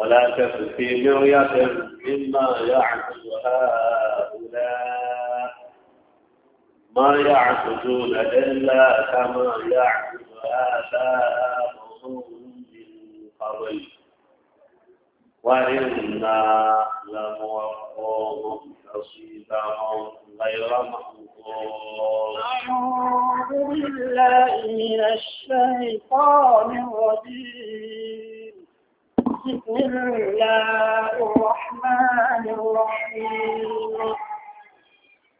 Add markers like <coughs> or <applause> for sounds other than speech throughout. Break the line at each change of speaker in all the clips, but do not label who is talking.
ولا شك في مرية مما يعبد هؤلاء ما يعبدون إلا كما يعبد آباؤهم من قبل وإنا لموفوهم نصيبهم غير مقبول أعوذ بالله من الشيطان الرجيم بسم الله الرحمن الرحيم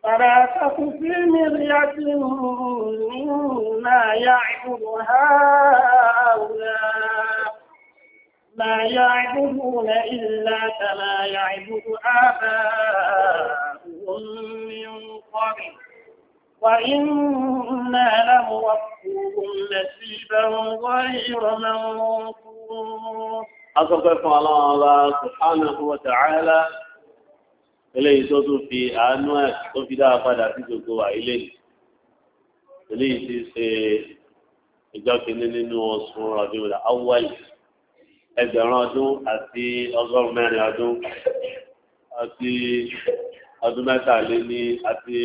فلا تك في مرية مما يعبد هؤلاء ما يعبدون إلا كما يعبد آباؤهم من قبل وإنا لموفوهم نصيبا غير منصور asọ́pẹ́ fún aláwọn ọba subhanahu wa ta'ala eléyìí tó tún fi àánú ẹ̀ tó fi dáa padà sí gbogbo wa ilé eléyìí ti ṣe ìjọ kìíní nínú oṣù ọdún ìlà awwal ẹgbẹ̀rún ọdún àti ọgọ́rùn-ún mẹ́rin ọdún àti ọdún mẹ́tàlé ní àti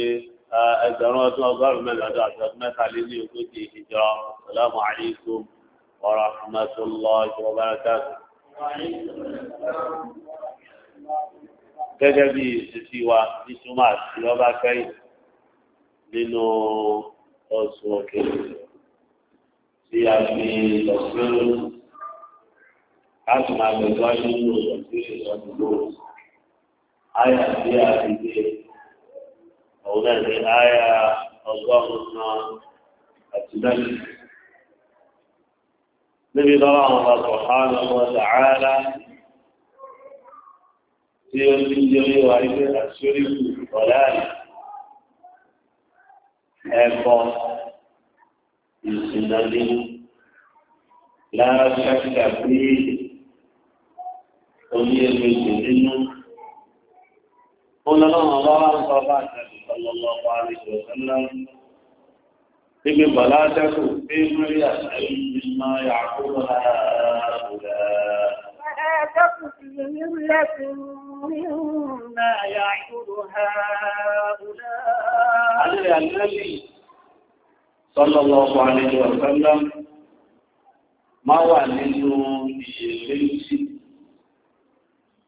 ẹgbẹ̀rún ọdún ọgọ́rùn mẹ́rin ọdún àti ọdún mẹ́tàlé ní ogójì ìjọ salamu alaykum wa rahmatullahi wa barakatuh gẹ́gẹ́ bí ìsìsí wa ní túmọ̀ àti ọba kẹ́yìn nínú ọ̀sùn òkèèrè tí a fi lọ́sọ́rọ́ láti máa gbẹ̀gbọ́ nínú ìrọ̀sílẹ̀ ìrọ̀dúgbò àyà tí a ti gbé ọ̀hún náà ní àyà ọgọ́rùn-ún àti mẹ́rin níbi lọ́wọ́ àwọn ọba sọ̀hánà wọn sàárà tí ó ti jẹ́ wíwá ilé àṣíríkù ọ̀láàrí ẹ̀kọ́ ìsìnàlé lára ṣáṣíkà pé omi ẹgbẹ́ nínú. Ó lọ́wọ́ àwọn ọba wọn sọ bá àtàkùn ọlọ́lọ́pàá àlejò ọ̀sán náà. إذ فلا تكن في مرية مما يعبد هؤلاء فلا تكن في مرية مما يعبد هؤلاء النبي صلى الله عليه وسلم ما wà nínú ìyèméjì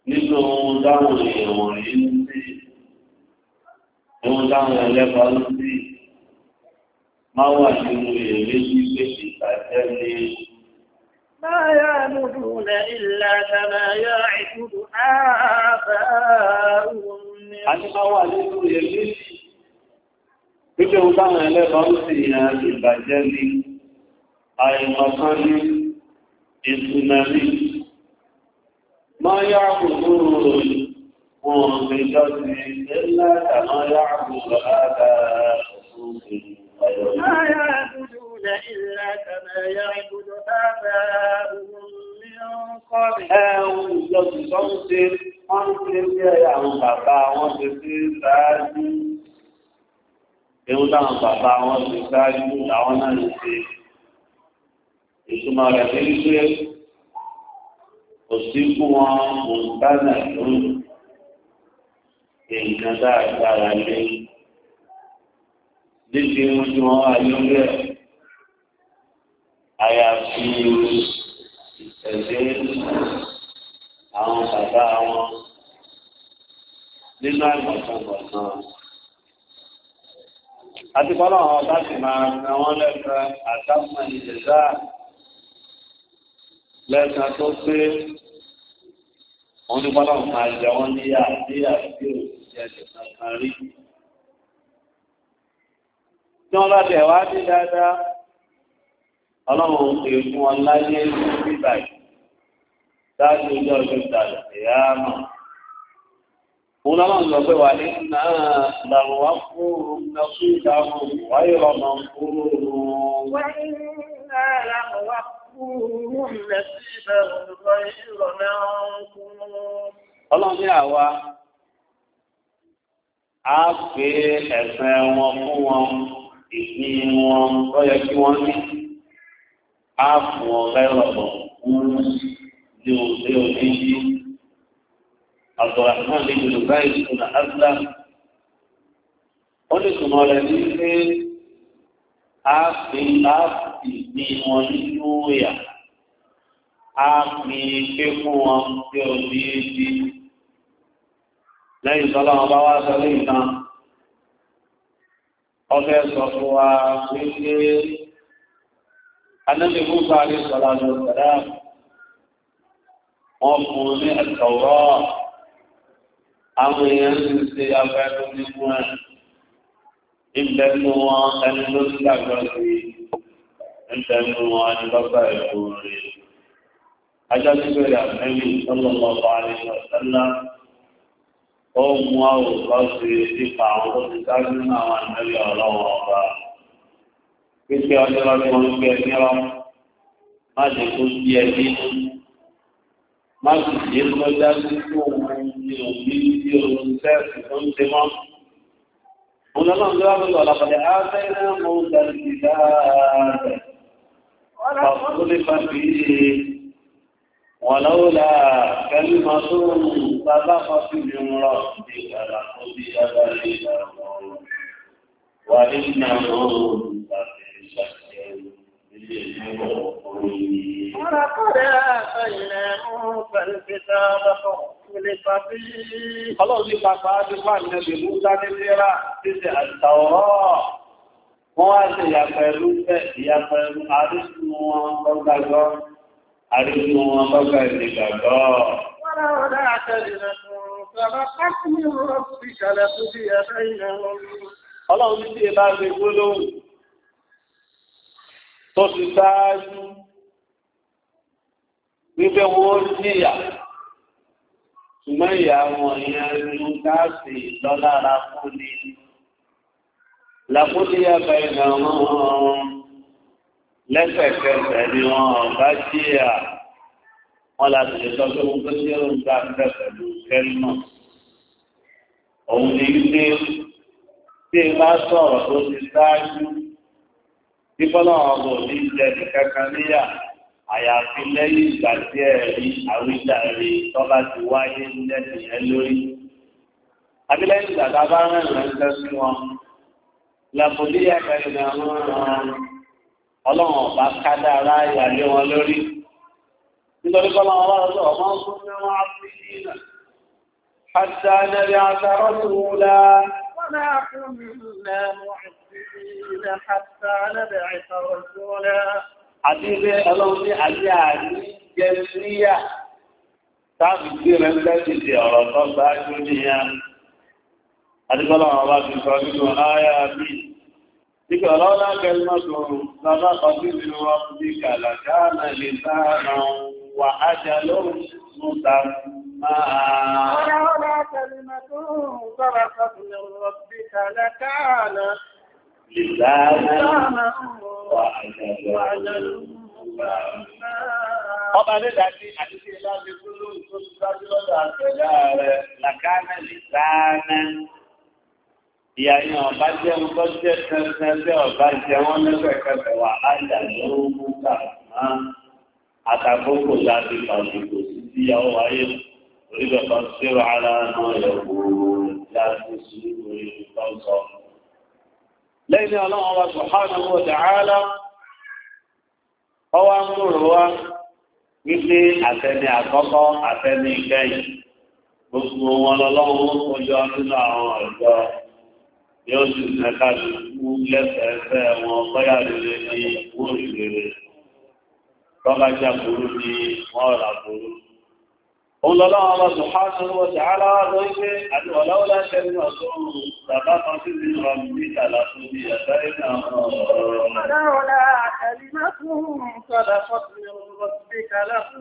nínú dáhùn èèyàn yìí ń sí
ìhun dáhùn ẹlẹ́bàá ń
sí máa wà nínú èrè yìí pé ìbàjẹ́ ní. Máa yá nùdùn ilẹ̀ àtàrà yá ìkúrù ààbà òun ni. A ní máa wà nínú èrè yìí. Gbígbé ohun ẹlẹ́bàá ń sì yàn ìbàjẹ́ ní àìmọ̀kan ní ìsúná ní. Máa yá ما يعبدون إلا كما يعبد آباؤهم من قبل ẹ̀hùn ìjọsìn tó ń ṣe wọ́n ń ṣe bí ẹ̀yà àwọn bàbá wọn ṣe sí ṣáájú ewu táwọn bàbá wọn ṣe ṣáájú làwọn náà ń ṣe ìtumọ̀ rẹ̀ ní pé kò sí fún wọn mọ̀ńtánà lónìí èèyàn dáadáa lé títí ojú wọn ayọlẹ àyàfi ìṣẹ̀lẹ̀ àwọn bàbá wọn nínú àgbàsọgbọsán àti bọ́lá àwọn ọba sì máa ra wọn lẹ́sẹ̀ àtàkùn ìjẹ̀dá lẹ́sẹ̀ tó pé
wọn ní bọ́lá àwọn máa jẹ wọn níyà níyà
tí ò jẹ́ ẹ̀sẹ̀ kankan rí tí wọ́n bá bẹ̀ wá sí dáadáa ọlọ́run ti fún wọn láyé bíbà yìí dájú ojú ọjọ́ ìdàlẹ̀ ìyá mọ̀.
Òun lọ́wọ́ ń lọ pé wà ní náà
làwọn wá fúru lọ sí ìdáhùn wáyé ọmọ fúru. Wọ́n ní náà làwọn wá fúru lọ sí ìdáhùn wáyé ọmọ fúru. Ọlọ́run ní àwa á pè ẹ̀sìn wọn fún wọn ìpín wọn tó yẹ kí wọ́n ní áàfù ọ̀rẹ́ ọ̀pọ̀ ń lé òde òdíjí àbọ̀ràmọ́ ní yorùbá ìṣúná áfíà ó ní ìtumọ̀ rẹ̀ ní pé áàfin áàfù ìpín wọn ní lóòyà áàfin pé fún wọn tí òdíjí lẹ́yìn tọ́lá wọn bá wá sọ ní ìtàn ọfẹ́ sọ fún wa wípé anábì Musa alẹ́ sọ̀rọ̀ àlọ́ sọ̀rọ̀ wọ́n fún un ní ẹ̀tọ́rọ́ àwọn èèyàn ń ṣe afẹ́fẹ́ nínú ẹ̀ ìbẹ̀nu wọn ẹni ló ti dàgbọ́ sí ìbẹ̀nu wọn ẹni lọ́gbà ẹ̀kọ́ rẹ̀ ajáde bẹ̀rẹ̀ àmẹ́lì sọ́lọ́mọba alẹ́ sọ̀rọ̀ ohun àwòkọ́ sí nípa àwọn tó ti dájú ní àwọn àmẹ́lẹ̀ ọlọ́wọ́ ọba. Pípé ọjọ́ lọ́dún wọn gbé ẹni lọ, má ṣe kó sí ẹbí. Má sì ṣe lọ dájú sí òun ní òbí tí òun sẹ́ẹ̀sì tó ń ṣe mọ́. Òun lọ́nà tó lọ lọ́pàdé ábẹ́rẹ́ mọ́ ń darí ìdá rẹ̀. Ọ̀pọ̀ tó lè fa fi ولولا كلمة سبقت من ربك لقضي بينهم
وإنهم
لفي شك ولقد آتينا موسى الكتاب فاختلف فيه. خلاص يبقى صادقا النبي موسى نزيرا تسع التوراة. وأتي يا فيروز يا فيروز عرفت وأنت àríwọ̀ wọn bọ́gbà ìdìgbàgbọ́. Ọlọ́run tí ẹ bá gbé gbólóhùn tó ti sáájú wípé wọ́n jìyà
ṣùgbọ́n ìyá wọn
ìyẹn ló dáàsì lọ́lára fún ni. Làkúndíyà bẹ̀rẹ̀ náà lẹ́sẹ̀kẹsẹ̀ ni wọ́n bá jí à wọ́n láti lè sọ pé wọ́n tó ṣe ń gbà fẹ́ pẹ̀lú kẹ́lìmọ̀. òun ni wípé tí ẹ bá sọ̀rọ̀ tó ti ṣáájú tí bọ́lá ọ̀bọ̀ ní jẹ nìkankan níyà àyàfi lẹ́yìn ìgbà tí ẹ rí àwíjàre tọ́lá ti wáyé lẹ́sìn yẹn lórí. abilẹ́yìn ìgbà tá a bá rìn rẹ̀ sí wọn làbòlíyà kẹrin àwọn ọ̀rọ̀ ọlọ́run ọba kádà ara ìyàlé wọn lórí nítorí kọ́lá wọn wá lọ́sọ̀ ọmọ ń fún wọn á fi sí ìnà àti àjẹrẹ àtàrọ tó wù lá wọn á fún mi lẹ́nu àti ìlẹ̀ àti ilé ọlọ́run ní àjẹ àní jẹsíríyà táàbì tí rẹ̀ ń tẹ́sí ti ọ̀rọ̀ tó gbájú nìyẹn. àti kọ́lá wọn wá sọ nínú ayé àbí. ذكرى لك المكر سبق من ربك لكان لسانا وأجل مسمى ولولا كلمة سبقت من ربك لكان لسانا وأجل Ọba ní ìdájí àti ìyá iná ọba jẹ́ ń bọ́ jẹ́ tẹ́tẹ́ ọba jẹ́ wọ́n lẹ́gbẹ̀kẹ́fẹ́ wà ájà ló ń mú kà máa àtàkókò láti pàṣẹ kò sí sí ìyàwó wáyé orílẹ̀ kan ara náà láti sí orí nǹkan lẹ́yìn ọlọ́run ọba subhanahu wa ta'ala ọwọ́ ń múrò wá wípé àtẹni àkọ́kọ́ àtẹni ìkẹyìn gbogbo wọn lọ́lọ́run ó kọjọ nínú àwọn ọ̀dọ́ yóò sì nàka lù lẹ́sẹ̀ẹ́sẹ̀ wọn bọ́yà lórí ní wọ́n ìrere tọ́ka já burú ní wọ́n rà burú. Òun lọ́lọ́ àwọn ọmọ Subhanahu wa ta'ala wá lọ ṣe àti ọ̀lọ́wọ́ láṣẹ nínú ọ̀tún bàbá kan sí ti rọ ní ìtàlá tó bí ẹ̀dá ìrìn àwọn ọ̀rọ̀. Ọlọ́wọ́lá ẹ̀lìmọ́kùn sọ̀dà fọ́tìmọ̀ ọ̀rọ̀ ìkàlá tó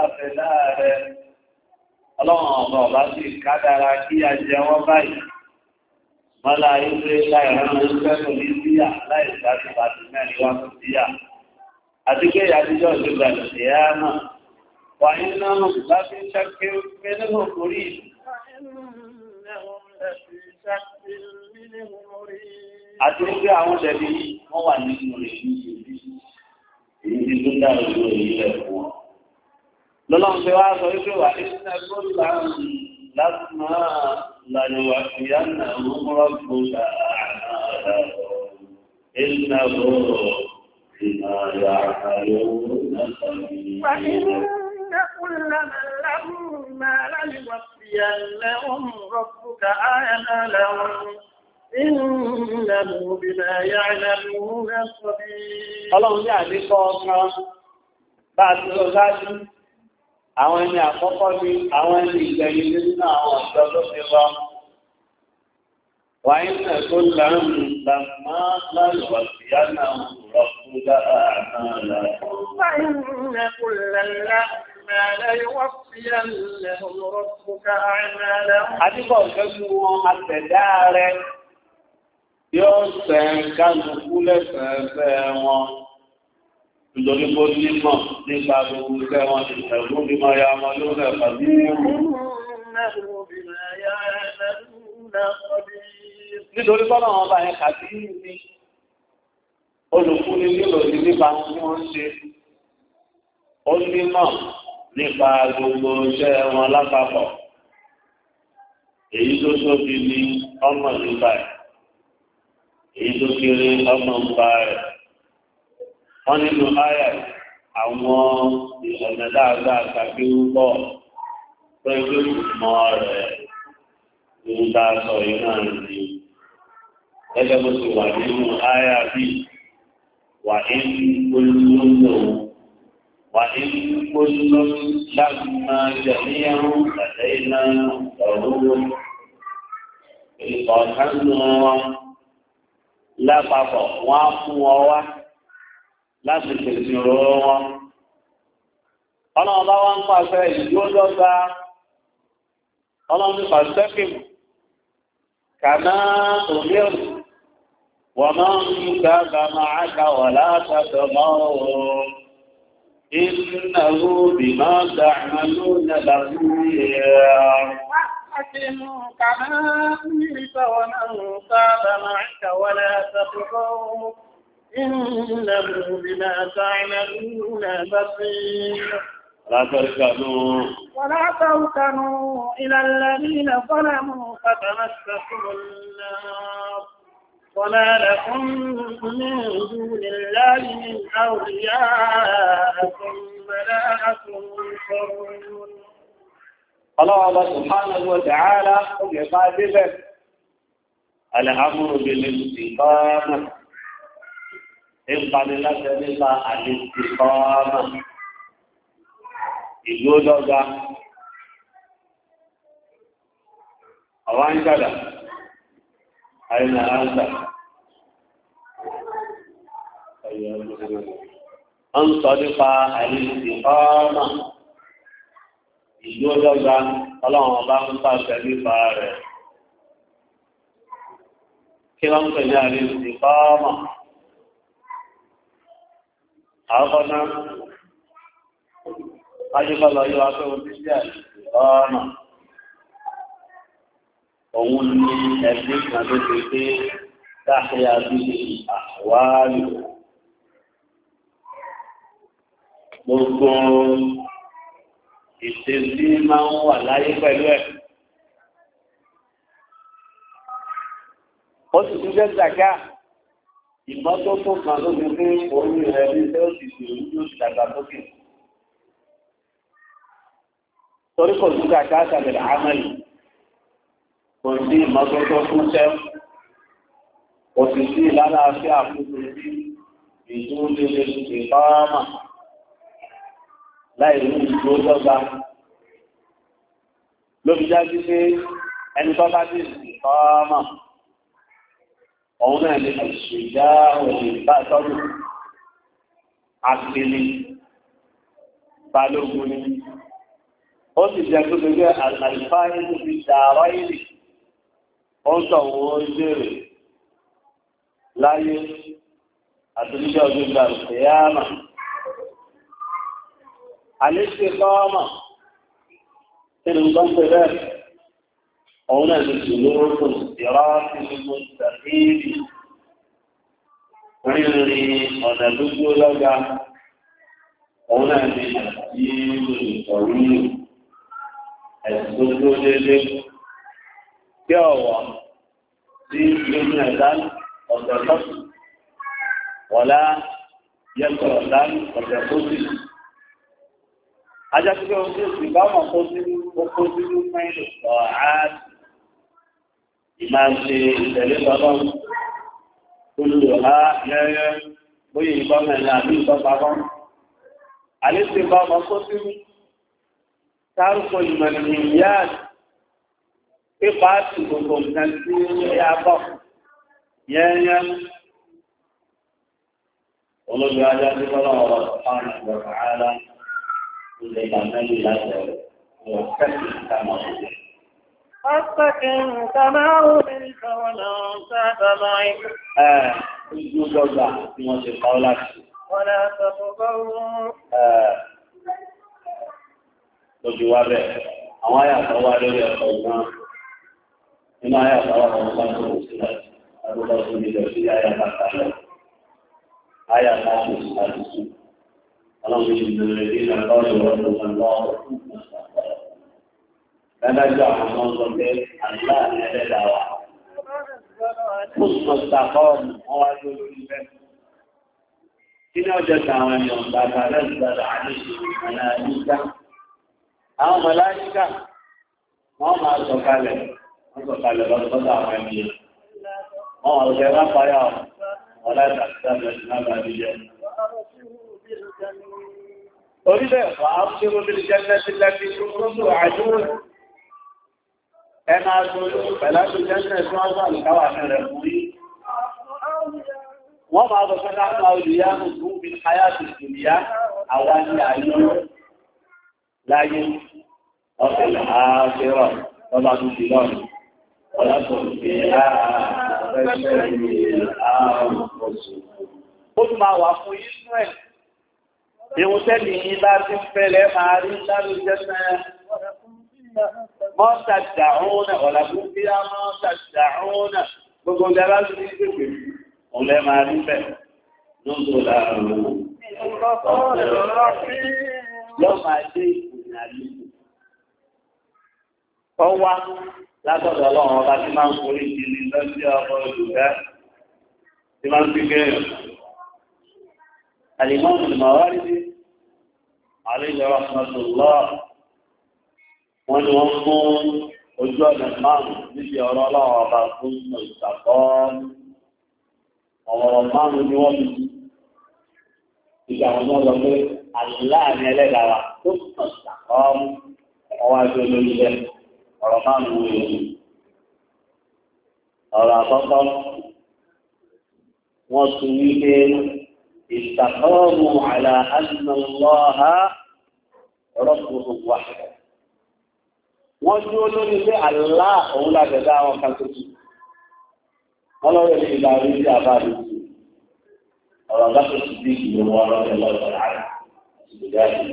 ọ̀rọ̀ ọlọ́run ọ̀bọ̀ bá sì kádàrà kí a jẹ wọ́n báyìí mọ́lá ìwé láìrán ìfẹ́ kò ní síyà láì sáàtì àti mẹ́rin wá sí síyà àti pé àtijọ́ ìjọba ìṣẹ̀yà náà wà nínú bá fi ṣàkíyè nínú orí àti pé àwọn ṣẹ̀bí wọ́n wà nínú rẹ̀ ní ìlú èyí tó dára lórí ilẹ̀ fún wọn lọ́lọ́run ṣe wá sọ wípé wà ní ṣẹ́gbọ́nlá láti máa lànàwà ìyá náà mú rọ́pò ṣàánà ìnáwó ìnáyà àyẹ̀wò náà كلما لهم ما ليوفينهم ربك أعمالهم إنه بما يعلمون خبير. Ọlọ́run ní àdíkọ́ ọ̀kan bá ti lọ sáájú àwọn ẹni àkọ́kọ́ ní àwọn ẹni ìgbẹ̀yìn nínú àwọn ọ̀dọ́ tó ti lọ wáyé náà tó lẹ́rùn lámá láìwà sí yánà rọ̀kú dáadáa rẹ̀. wáyé náà tó lẹ́rùn lámá láìwà sí yánà nítorí kó nímọ̀ nípa gbogbo iṣẹ́ wọn ti tẹ̀gún bí máa ya wọn ló rẹ̀ pàdé nítorí bọ́nà wọn bá yẹn kàbí ní olùkúni nílò ní nípa wọn tí wọ́n ṣe ó nímọ̀ nípa gbogbo iṣẹ́ wọn lápapọ̀ èyí tó tóbi ní ọmọ nípa ẹ̀ èyí tó kéré ọmọ nípa ẹ̀ wọ́n nínú ayà àwọn ìlànà dáadáa tàbí rúbọ̀ pẹ̀lú ìmọ̀ rẹ̀ ń dá sọ iná ní ẹgbẹ́ bó ti wà nínú ayà bí wà ní gbólóńgbò wà ní gbólóńgbò lágbàá wọn lápapọ̀ wọn fún wọn láti pèsè ìrọ̀rọ̀ wọn. ọlọ́run bá wá ń pàṣẹ ìdúró dọ́gba ọlọ́run ti pàṣẹ kìmù kàná òmíràn wọ́n máa ń mú gàgà máa ga wà látàtọ̀ máa wọ̀ Innahu bima ta'maluna basir. أقسموا كما أمرت ومن تاب معك ولا إنه بما تعملون بصير لا تركنوا ولا تركنوا إلى الذين ظلموا فتمسكم النار وما لكم من دون الله من أولياء ثم لا تنصرون الله سبحانه وتعالى يقال الأمر بالاستقامة ìpaniláṣẹ nípa àdìsí kọ́ọ́mà ìlú lọ́gà àwọn àǹkàdà àìnà àǹkà ọ ń sọ nípa àdìsí kọ́ọ́mà ìlú lọ́gà ọlọ́run ọba ń pàṣẹ nípa rẹ̀ kí ló ń pè ní àwọn náà ajúbọ́lọ yóò afẹ́ ojú sí ọ̀nà òun ní ẹgbẹ́ kan tó ti pé dáhìá bí àwárí gbogbo ìṣesí máa ń wà láyé pẹ̀lú ẹ̀. ó sì tún jẹ́ zàkíà ìmọ́tótó kan ló fi pé orí rẹ̀ ní sẹ́ọ̀sìsì òun yóò ti dàgbà lókè. torí kò sí ká ká sàbẹ̀lẹ̀ àmàlì kò sí ìmọ́tótó fún sẹ́ọ̀ kò sì sí ìlànà àfẹ́ àkókò sí ìdúró lélẹ̀ ìbáramà láì ní ìdúró dọ́gba ló fi jáde pé ẹni tó bá dé òun náà lè ṣèdá òun bá tọ́lù àpèlè balógun ni ó sì jẹ́ tó gbogbo àlàlùfáà nínú fi dàárọ̀ ìrì ó ń sọ òun ó ń láyé àtúnjẹ́ ọdún ìgbà ìyáàmà àléṣe kọ́ ọmọ kí ni ń gbọ́n pẹ̀lú هنا الجلوس الصراط المستقيم ريري أنا لجلجا هنا الجيل الطويل السجود لك يا الله من الآن والتصف ولا يقرأ الآن والتصف أجل كده وصيص بقى ما قصدي وقصدي ما يلقى عاد máa ṣe ìtẹ̀lé bọ́lọ́ olùhá lẹ́rẹ́ bóyá ìbọ́mọ̀ ẹ̀lá àbí ìbọ́pamọ́ àlẹ́sẹ̀ bá ọmọ tó sí tárùkọ ìmọ̀lẹ̀mí yá pípa àti gbogbo tí a bọ̀ Ọ̀pẹ̀kìn kàmá orin àwọn àyàtọ̀ lórí ọ̀pọ̀ ìgbọ́n. Nínú àyàtọ̀ wá lọ́wọ́ bá tó e láti. Àgbọ́dọ̀ tó ní lọ sí adájọ́ àwọn ọmọ ọgbọ́n pé àlá ni ẹlẹ́dàá wa. Mùsùlùmí sàkọ́ọ̀mù wọn wá lójú ibẹ̀. Kí ni ọjọ́ táwọn ènìyàn bàbá lẹ́gbẹ̀rẹ̀ àdéjì màláyíká? Àwọn màláyíká wọ́n máa sọ̀kalẹ̀ wọ́n sọ̀kalẹ̀ lọ́sọ́dọ̀ àwọn ènìyàn.
Wọ́n wà lọ́sẹ̀ bá payá
wọn láti àtúntàbẹ̀ lábàá níjẹ. Orílẹ̀-èdè wa, a ń ṣe mọ́bílì jẹ́ ẹ máa gbogbo pẹ̀lájú jẹ́sẹ̀ tí wọ́n wà lùkáwà mẹ́rẹ̀ fún yí. Wọ́n máa bọ̀ fẹ́ láti máa olùyá nù fún bí ayá ti dùnìyá àwa ní ayé láyé ọ̀sẹ̀ ààbẹ̀rọ̀ lọ́ba tó ti lọ́rùn. Ọlọ́pọ̀ fi ààrẹ̀ ààrùn ọ̀sùn. Ó tún máa wà fún Israel. Ìwọ̀n tẹ́lì yìí bá ti fẹ́lẹ̀ máa rí lálùjẹ́sẹ̀ mọ́ ṣàdàrún náà ọ̀làbùn bí a mọ́ ṣàdàrún náà gbogbo ọ̀gá láti ní ìgbèkè òun lẹ́ máa rí bẹ́ẹ̀ lóńdó láàrú yóò máa dé ìpìlẹ̀ àlejò ọwá látọ̀dọ̀ ọlọ́run ọba tí máa ń forí ìdílé lọ sí ọmọ olùgbẹ́ tí máa ń fi gẹ́rẹ̀ àlìmọ́ ìmọ̀wárí àlejò ọ̀rọ̀ wọ́n ni wọ́n mú ojú ọ̀nà márùn-ún níbi ọ̀rọ̀ ọlọ́wọ́ ọba fún ìṣàkọ́ ọ̀rọ̀ márùn-ún ni wọ́n fi ìgbà wọn lọ pé àláàrin ẹlẹ́dàá wa tó ìṣàkọ́ ọwọ́ àjọ lórí ọ̀rọ̀ márùn-ún yìí ọ̀rọ̀ àkọ́kọ́ wọ́n tún wí pé ìṣàkọ́ ọ̀rọ̀ àlà lọ́ha rọ́pò gbogbo àṣẹ wọ́n dúró lórí pé àlá òun lábẹ̀dá àwọn kan tó kù. wọ́n lọ́wọ́ ilé ìgbà orí sí àbá rẹ̀ sí ọ̀rọ̀ bá tó ti bí ìlú wọn lọ́wọ́ lọ́wọ́ rẹ̀ ìgbà rẹ̀.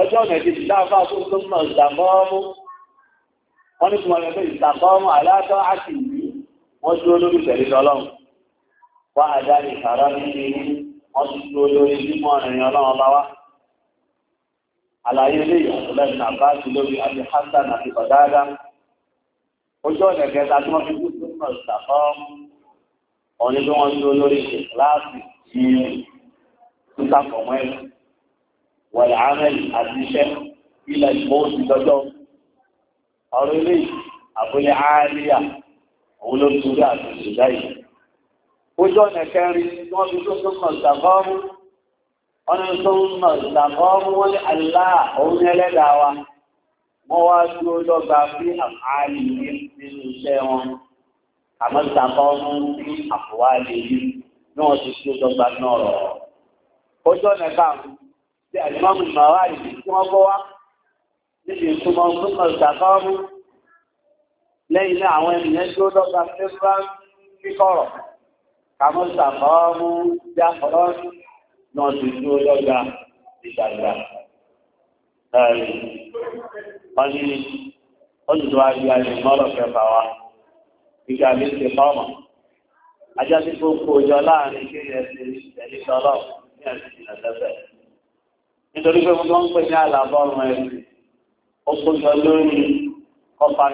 ọjọ́ ọ̀nà ìdí ìdáfà fún tó mọ̀ ìdàmọ́ọ́mú wọ́n ní kùmọ̀ lẹ́gbẹ́ ìdàmọ́ọ́mú aláàtọ̀ àti ìlú wọ́n dúró lórí ìtẹ̀lé tọ́lọ́run wọ́n àdá ìfàrà nínú wọ́n ti dúró lórí mímọ́ ọ̀rìn ọlọ́run bá àlàyé ilé ìyàtọ̀lẹ́ nàbá sí lórí àti Hassan àti bàdáàdá ojú ọ̀nà kẹta tí wọ́n fi kú sí ọ̀nà ìsàkọ́ ọ̀nà tí wọ́n ń lo lórí ìkíláàsì tí títà pọ̀mọ́ ẹ̀ wọ̀lẹ̀ ámẹ́lì àti iṣẹ́ ilẹ̀ ìgbóhùn lọ́jọ́ ọ̀rọ̀ ilé àbúlé áríyà òun ló ń torí àti ìṣẹ̀dá yìí ojú ọ̀nà kẹrin tí wọ́n fi kú sí ọ̀nà ọ̀nà tó ń mọ̀ ìgbàgbọ́ wọ́n ní àlá òun ẹlẹ́dàá wa wọ́n wá dúró lọ́gba bí àfáàlì ní nínú iṣẹ́ wọn àmọ́ ìgbàgbọ́ wọn ní àfọwálé yìí ní wọ́n ti dúró lọ́gba náà rọ̀. ojú ọ̀nà káàmù tí àjùmọ́mù ìmọ̀wá ìdí tí wọ́n bọ́ wá níbi ìtumọ̀ tó mọ̀ ìgbàgbọ́ wọn lẹ́yìn náà àwọn ènìyàn dúró lọ́gba fẹ́fẹ́ kíkọ̀rọ̀ àmọ́ ìgbàgbọ́ wọn náà ti dúró lọ́gà ìdàgbà ẹ̀rí wọ́n ní olùdó ayé ayé mọ́rọ̀ kẹfà wa ìgbà mi ti fọ́ọ̀mọ̀ ajá tí kò kó jọ láàrin kí ẹ ti tẹ̀lé sọ́lọ̀ ní ẹ̀sìn ìdàgbẹ́sẹ̀ nítorí pé wọ́n ń pè ní àlàbọ̀rùn ẹ̀sìn ó kó jọ lórí kọfà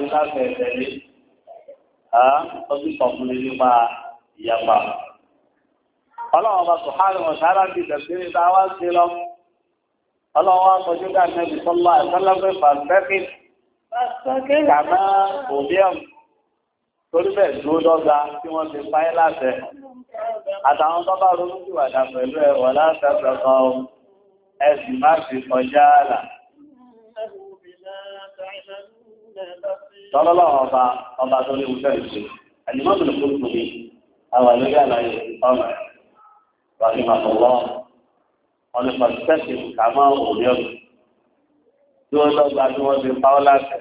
ọlọ́wọ́n bá sùhánù wọn sára bí ìdàgbére tá a wá sí lọ ọlọ́wọ́n wá sọ júdà nẹ́bí sọ́lá ìsọ́lọ́gbẹ́ fàǹtẹ́fì kàmá òbíọ̀m torí bẹ́ẹ̀ dúró dọ́gba tí wọ́n ti fáyé láṣẹ àtàwọn tó bá ronú sí wàdà pẹ̀lú ẹ̀ wọ̀ láṣẹ kankan ẹ̀sìn má fi kọjá àlà. Tọ́lọ́lọ́ ọba ọba tó léwu fẹ́ ìṣe, àdìmọ́tò lè kó lórí àwọn àlejò àlàyé ọmọ rẹ̀. رحمه الله قال فاستسلم كما أمرت tí wọ́n lọ́gba tí wọ́n fi pa ọ́ láṣẹ.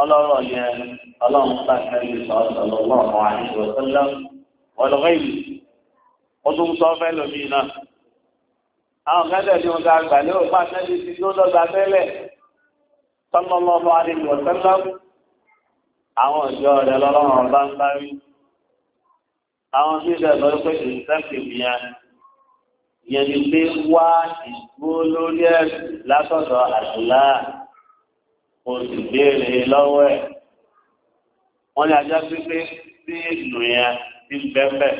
ọlọ́rọ̀ yẹn ọlọ́run bá tẹ́lẹ̀ sọ̀rọ̀ lọ́wọ́ àìsàn sọ́lá ọlọ́rọ̀ yìí wọ́n tún sọ fẹ́ lómi náà. àwọn kẹ́tẹ̀ tí wọ́n ga gbà lérò bá tẹ́lẹ̀ sí tí wọ́n lọ́gba tẹ́lẹ̀ sọ́lá lọ́wọ́ àìsàn sọ́lá àwọn ìjọ rẹ̀ lọ́lọ́run bá ń bá rí àwọn tí ìdá ìlọ pé kì í sẹ́kì yẹn yẹn ni pé wá ìgbó lórí ẹ̀sìn látọ̀dọ̀ àdúrà kò sì béèrè lọ́wọ́ ẹ̀ wọ́n ní ajá pípé sí ìlú yẹn ti bẹ́ẹ̀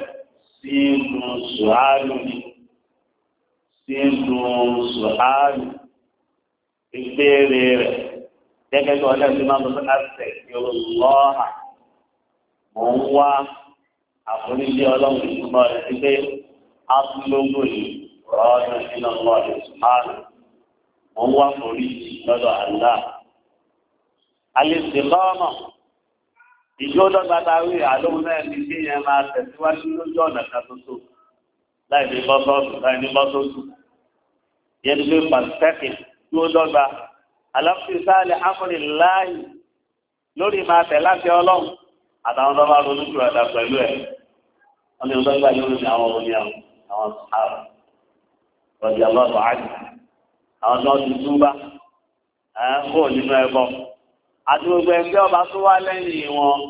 sí ìlú sùhálù ni sí ìlú sùhálù ìbéèrè rẹ̀ gẹ́gẹ́ bí ọlọ́run ti máa ń lọ sí àṣẹ ìrọ̀lọ́hà mò ń wá àforíjì ọlọ́run ìtumọ̀ rẹ̀ sí pé asúlógún yìí rọ́ọ̀dún nínú ọmọ rẹ̀ sùmárù mo ń wá foríjì lọ́dọ̀ àlá. àlejò lọ́mọ̀ ìjó dọ́gbàdáwì àlóhùn náà ní kí yẹn máa tẹ̀síwájú lójú ọ̀nà kan tuntun láì ní bọ́sọ́ọ̀sù láì ní bọ́sọ́ọ̀sù yẹn ní pé pàṣẹ́kì tí ó dọ́gba aláfíìsáàlì amúniláyì lórí máa tẹ̀ láti ọlọ́run àtàwọn tó bá ronú wọ́n ní ọlọ́gbà lórí ní àwọn òní àwọn sàárà rọ̀bì ọlọ́rọ̀ àjù àwọn tó ti túbá kó nínú ẹbọ àti gbogbo ẹgbẹ́ ọba tó wá lẹ́yìn wọn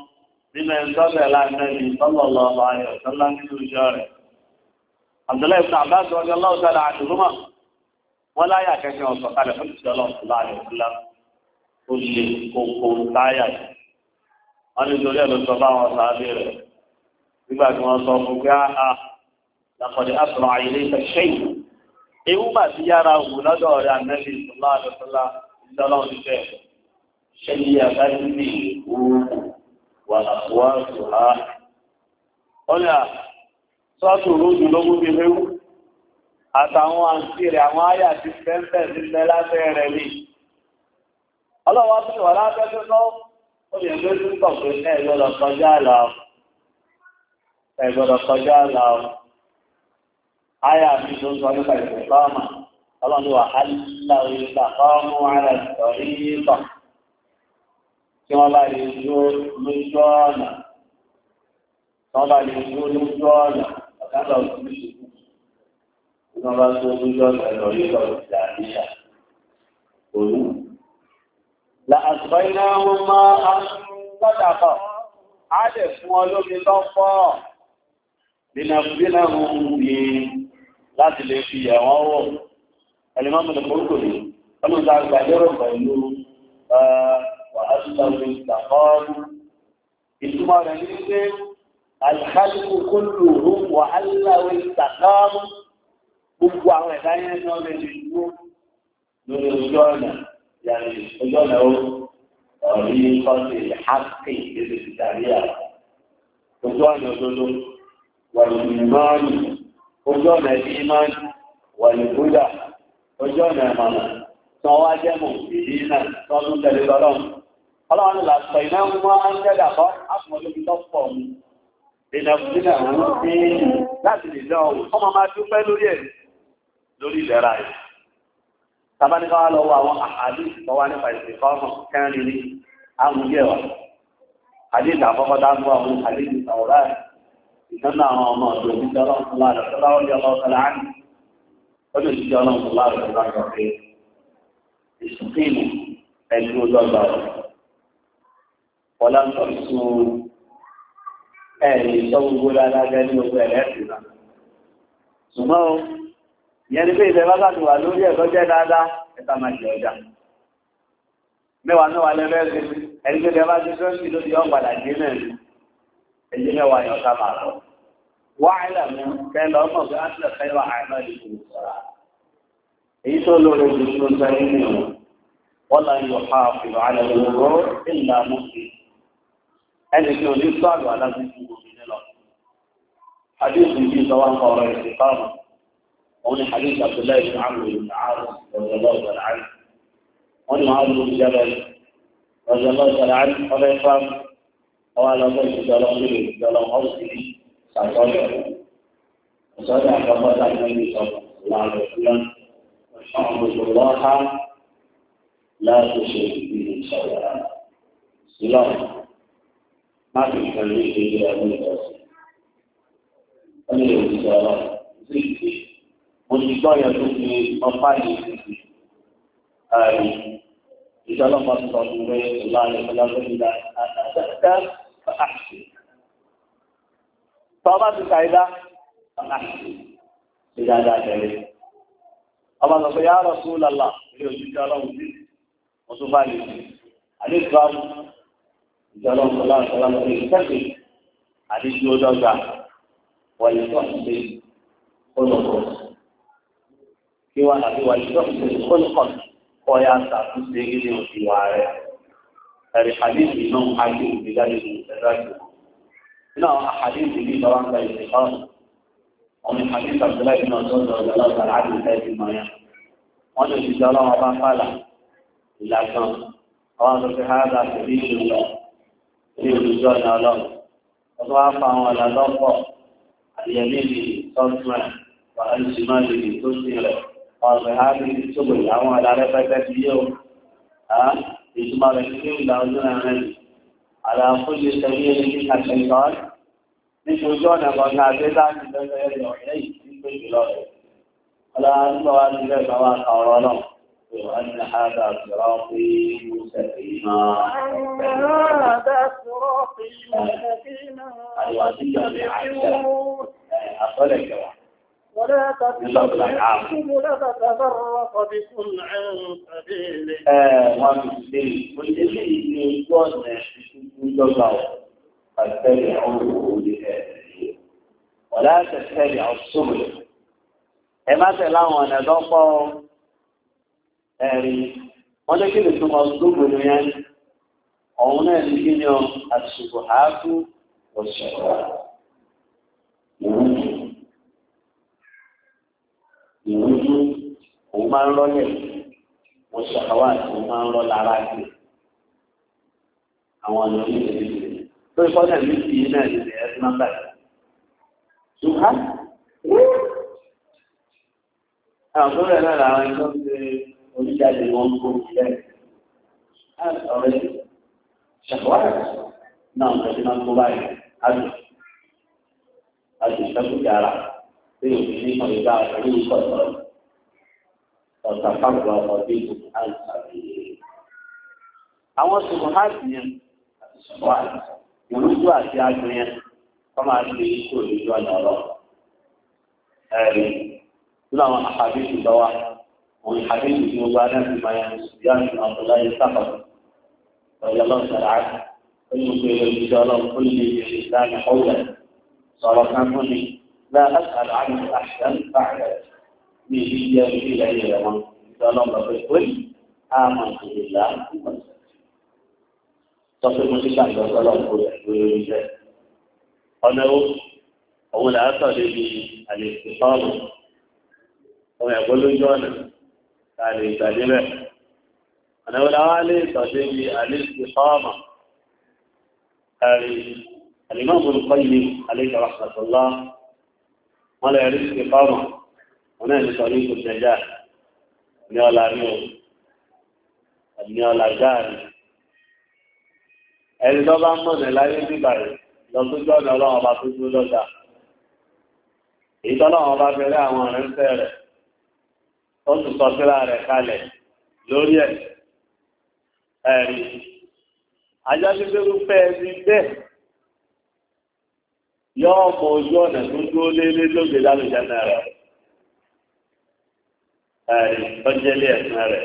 nínú ẹ̀ńtọ́bẹ̀ láńtẹ́bí sọ́lọ́lọ́ ayọ̀ sọ́lá nínú ìjọ rẹ̀ Abdullahi ibn Abbas rọ̀bì ọlọ́rọ̀ sọ́lá àdúgbò wọn láyà kẹsàn án sọ̀kalẹ̀ fún ìṣẹ̀lẹ̀ ọsùnlá rẹ fúnlá nígbà tí wọ́n sọ fún pé àà làkọ̀dé àtọ̀rọ̀ àìlé ìfẹ̀ṣẹ́ yìí ewu mà ti yára wù lọ́dọ̀ rẹ̀ ànẹ́bí ìsọ̀lá àdọ́sọ́lá ìdọ́lọ́run ti fẹ́ ṣe ní àbájú ní òògùn wà láwọ́ àtùhá ọ̀là sọ́ọ̀tù ẹgbọ́dọ̀ kọjá láwọ́ ayà mi tó ń sọ nípa ìfẹ̀kọ́mà ọlọ́run wà hálà ìgbà kọ́mù ara ìtọ̀rí tọ̀ tí wọ́n bá lè dúró lójú ọ̀nà tí wọ́n bá lè dúró lójú ọ̀nà ọ̀gáńdà òṣìṣẹ́ tí wọ́n bá pọ́tàkọ̀ á lè fún ọ lómi lọ́pọ̀ lẹ́nàfíìnà ń bí láti lè fi àwọn ọwọ́ ẹlẹ́mọ́mọ́lẹ̀ kòókò ní ọlọ́dá gbàjọ́rò pẹ̀lú wàhálùsàwò ìtàkọ́ọ̀lù ìtumọ̀ rẹ̀ ní pé alhálùkù kúlù rún wàhálùsàwò ìtàkọ́ọ̀lù gbogbo àwọn ẹ̀dá yẹn náà lè lè dúró lórí ojú ọ̀nà yàrá ojú ọ̀nà ó ọ̀rí kọ́sì hákì lè lè fi dàrí àwọn ojú ọ̀nà olólùfẹ́ wàlìmọ́ọ̀nì ojú ọ̀nà ìmọ́ọ̀nì wàlìbúdà ojú ọ̀nà ìmọ̀nà tán wá jẹ́ mọ̀ èyí náà tọ́dún tẹ̀lé lọ́lọ́run ọlọ́run làpọ̀ iná mọ́ ángẹ́dà kọ́ ápùmọ́lógún lọ́pọ̀ mi ìdàbùdínà ń fi láti lè dán ohun ọmọ máa dúpẹ́ lórí ẹ̀ lórí ìlera ẹ̀ tabaníkà wá lọ́wọ́ àwọn àhàdí tọ́wá nípa ìsìnkọ́rùn kẹrin ní àmúyẹ̀wà àdíjà àkọ́kọ́ dágbọ́ àwọn àdíjà sàwọ́rá ìtọ́nà àwọn ọmọ ọ̀dọ̀ òjíṣẹ́ ọlọ́run tó láàrẹ̀ tó láwọ́ lé ọlọ́run tọ́lá ánì ó lè jíjẹ ọlọ́run tó láàrẹ̀ tó láàrẹ̀ pé ìsùnkìmù ẹni ó lọ́gbà rẹ̀ wọlá ń tọ́jú sí ẹ̀rì ìtọ́ gbogbo lálágẹ́ ní ogun ẹ̀lẹ́sìn náà ṣùgbọ́n ìyẹn ni pé ìfẹ́ bá kàtù wà lórí ẹ̀kọ́ jẹ́ dáadáa ẹ̀ta máa jẹ ọjà mẹ́wàá náà wà lẹ́fẹ́ ẹ̀rí واعلموا كلام بأن خير أعمالكم الصلاة
عيسى لولو جسم
سليم ولا يحافظ على الأمور إلا مسلم أن يكون يصلوا على ذكره من الله حديث في سواء قول الاستقامة ومن حديث عبد الله بن عمرو بن عاص رضي الله تعالى عنه ومن معاذ بن جبل رضي الله تعالى عنه قال يقام قال الله تعالى عنه قال الله تعالى عنه sàtọ́jọ́ ọ̀sọ́jà àkọ́kọ́ta ní ìsọ láàrọ̀ fúlá ọ̀gbọ̀gbọ̀ lọ́ha láti ṣe ìpínlẹ̀ ìṣọ̀rọ̀ sílọ̀ má fi kan ní ìṣẹ́jú ọdún ìjọsìn. ó ní ìròyìn sọ̀rọ̀ sí ìpè mo ti gbọ́ yẹn tó fi ọpá yìí sí ààrẹ ìjọlọ́pàá sọ̀rọ̀ pé ìlànà ìfọlọ́pẹ́ ìlànà àtàkà àṣìṣe tọ́ba ti ṣàìdá ìdájá tẹ̀lé ọba sọ pé yàrá kú lálà ilé òjijì ọlọ́run sí mo tún bá yìí àdéhùn ìjọ ọlọ́run sọlá sọlá lọ sí ìtẹ́kẹ̀ àdéhùn ọdọ́gba wọlé tọ́sí olùkọ́ kí wọ́n àti wọlé kọ́ ya ṣàtúnṣe ilé òsì wà rẹ̀ ẹ̀rí نعم حديث لي طبعا لا يتقال ومن حديث عبد الله بن مسعود رضي الله تعالى عنه في هذه المايا وانا في الله ما قال الا كان قال في هذا سبيل الله سبيل الله الله وضعف على ضعف عن يمينه صدمه وعن شماله تسيره قال في هذه السبل او على رفقه اليوم ها يسمى لك الى اذن النبي على كل سبيل من الشيطان نشوجون بغنابتا من ذلك إليه من كل لغة ولا أنبوا أن يتوا قرانا وأن هذا صراطي مستقيما وأن هذا صراطي مستقيما الوصية بعشرة أقول الجواب ولا تتبعوا سبل فتفرق بكم عن سبيله. ولا تتبعوا السبل ẹ má tẹ̀lé àwọn ọ̀nà tó pọ̀ ẹ̀rí wọ́n ní kí lè túmọ̀ gbogbo ní yẹn ọ̀hún náà ní kí ni ọ àṣùbọ̀ àákú ọ̀ṣùbọ̀ òun máa ń rọ́lẹ̀ wọ́n ṣàkàwà tí wọ́n máa ń rọ́ lára sí àwọn ọ̀nà oníṣẹ́ tó ń fọ́nà ní ti náà ní ilẹ̀ ẹ̀sìn náà báyìí. ṣùgbọ́n àwọn tó rẹ̀ náà làwọn ẹni tó ń ṣe oníjáde wọn ń kó ilẹ̀ ọ̀rẹ́ ṣàkàwà náà ń tẹ̀sí náà tó báyìí àti àti yàrá tí òfin ní ọ̀rẹ́ bá ọ̀rẹ́ yìí kọ̀ ọ̀sàfàgbà ọ̀dẹ́ ìlú àìsàbí. Àwọn sùmùháàtì yẹn àti sùmùháàtì ìrújú àti agbọn yẹn kọ́ máa ṣe ikú òdodo ọ̀nà ọ̀rọ̀. Ẹ̀rí nínú àwọn àkàbíyèsí lọ́wọ́ àwọn àkàbíyèsí tí gbogbo adájú máa yẹn sùdíà ní ọ̀dọ́lá yẹn sábà lọ́yọ̀ lọ́sọ̀rọ̀ àti olùkọ́ ilé ìjọ ọlọ́run ó lè ṣe ìdáná ọ̀wẹ̀ sọ̀rọ̀ kan fún mi láàrín àti àṣà ń ní ìyá ìlú ayé rẹ̀ wọn ìgbà ọlọ́mọ pé pé a mọ̀ ìlà tọ́pẹ́ mo ti gbàgbọ́ sọ́lọ́mọ rẹ̀ lórí iṣẹ́. ọ̀nà òun là á sọ débi àlèkè fọ́ọ̀mù ọmọ ẹ̀kọ́ lójú ọ̀nà ká lè gbà débẹ̀. ọ̀nà òun là wá lè sọ débi àlèkè fọ́ọ̀mù الإمام ابن القيم عليه رحمة الله قال يا رزق قامه wọn náà ní sọrí kò jẹjá ní ọlá ní o ní ọlá gáàrí ẹni tó bá mọ̀nà láyé bíbà rẹ̀ lọ tó jọ́ ọ̀nà ọlọ́run ọba tó tó lọ́jà èyí tọ́lọ́run ọba fẹ́rẹ́ àwọn ọ̀rẹ́ ń fẹ́ rẹ̀ ó sì sọ síra rẹ̀ kalẹ̀ lórí ẹ̀ ẹ̀rí ajágbégbérúfẹ́ ẹni bẹ́ẹ̀ yọ ọmọ ojú ọ̀nà tó dúró lé lé lóde lálùjẹ́ náà rẹ̀ ẹ̀rì tọ́jẹ́lé ẹ̀sìn rẹ̀.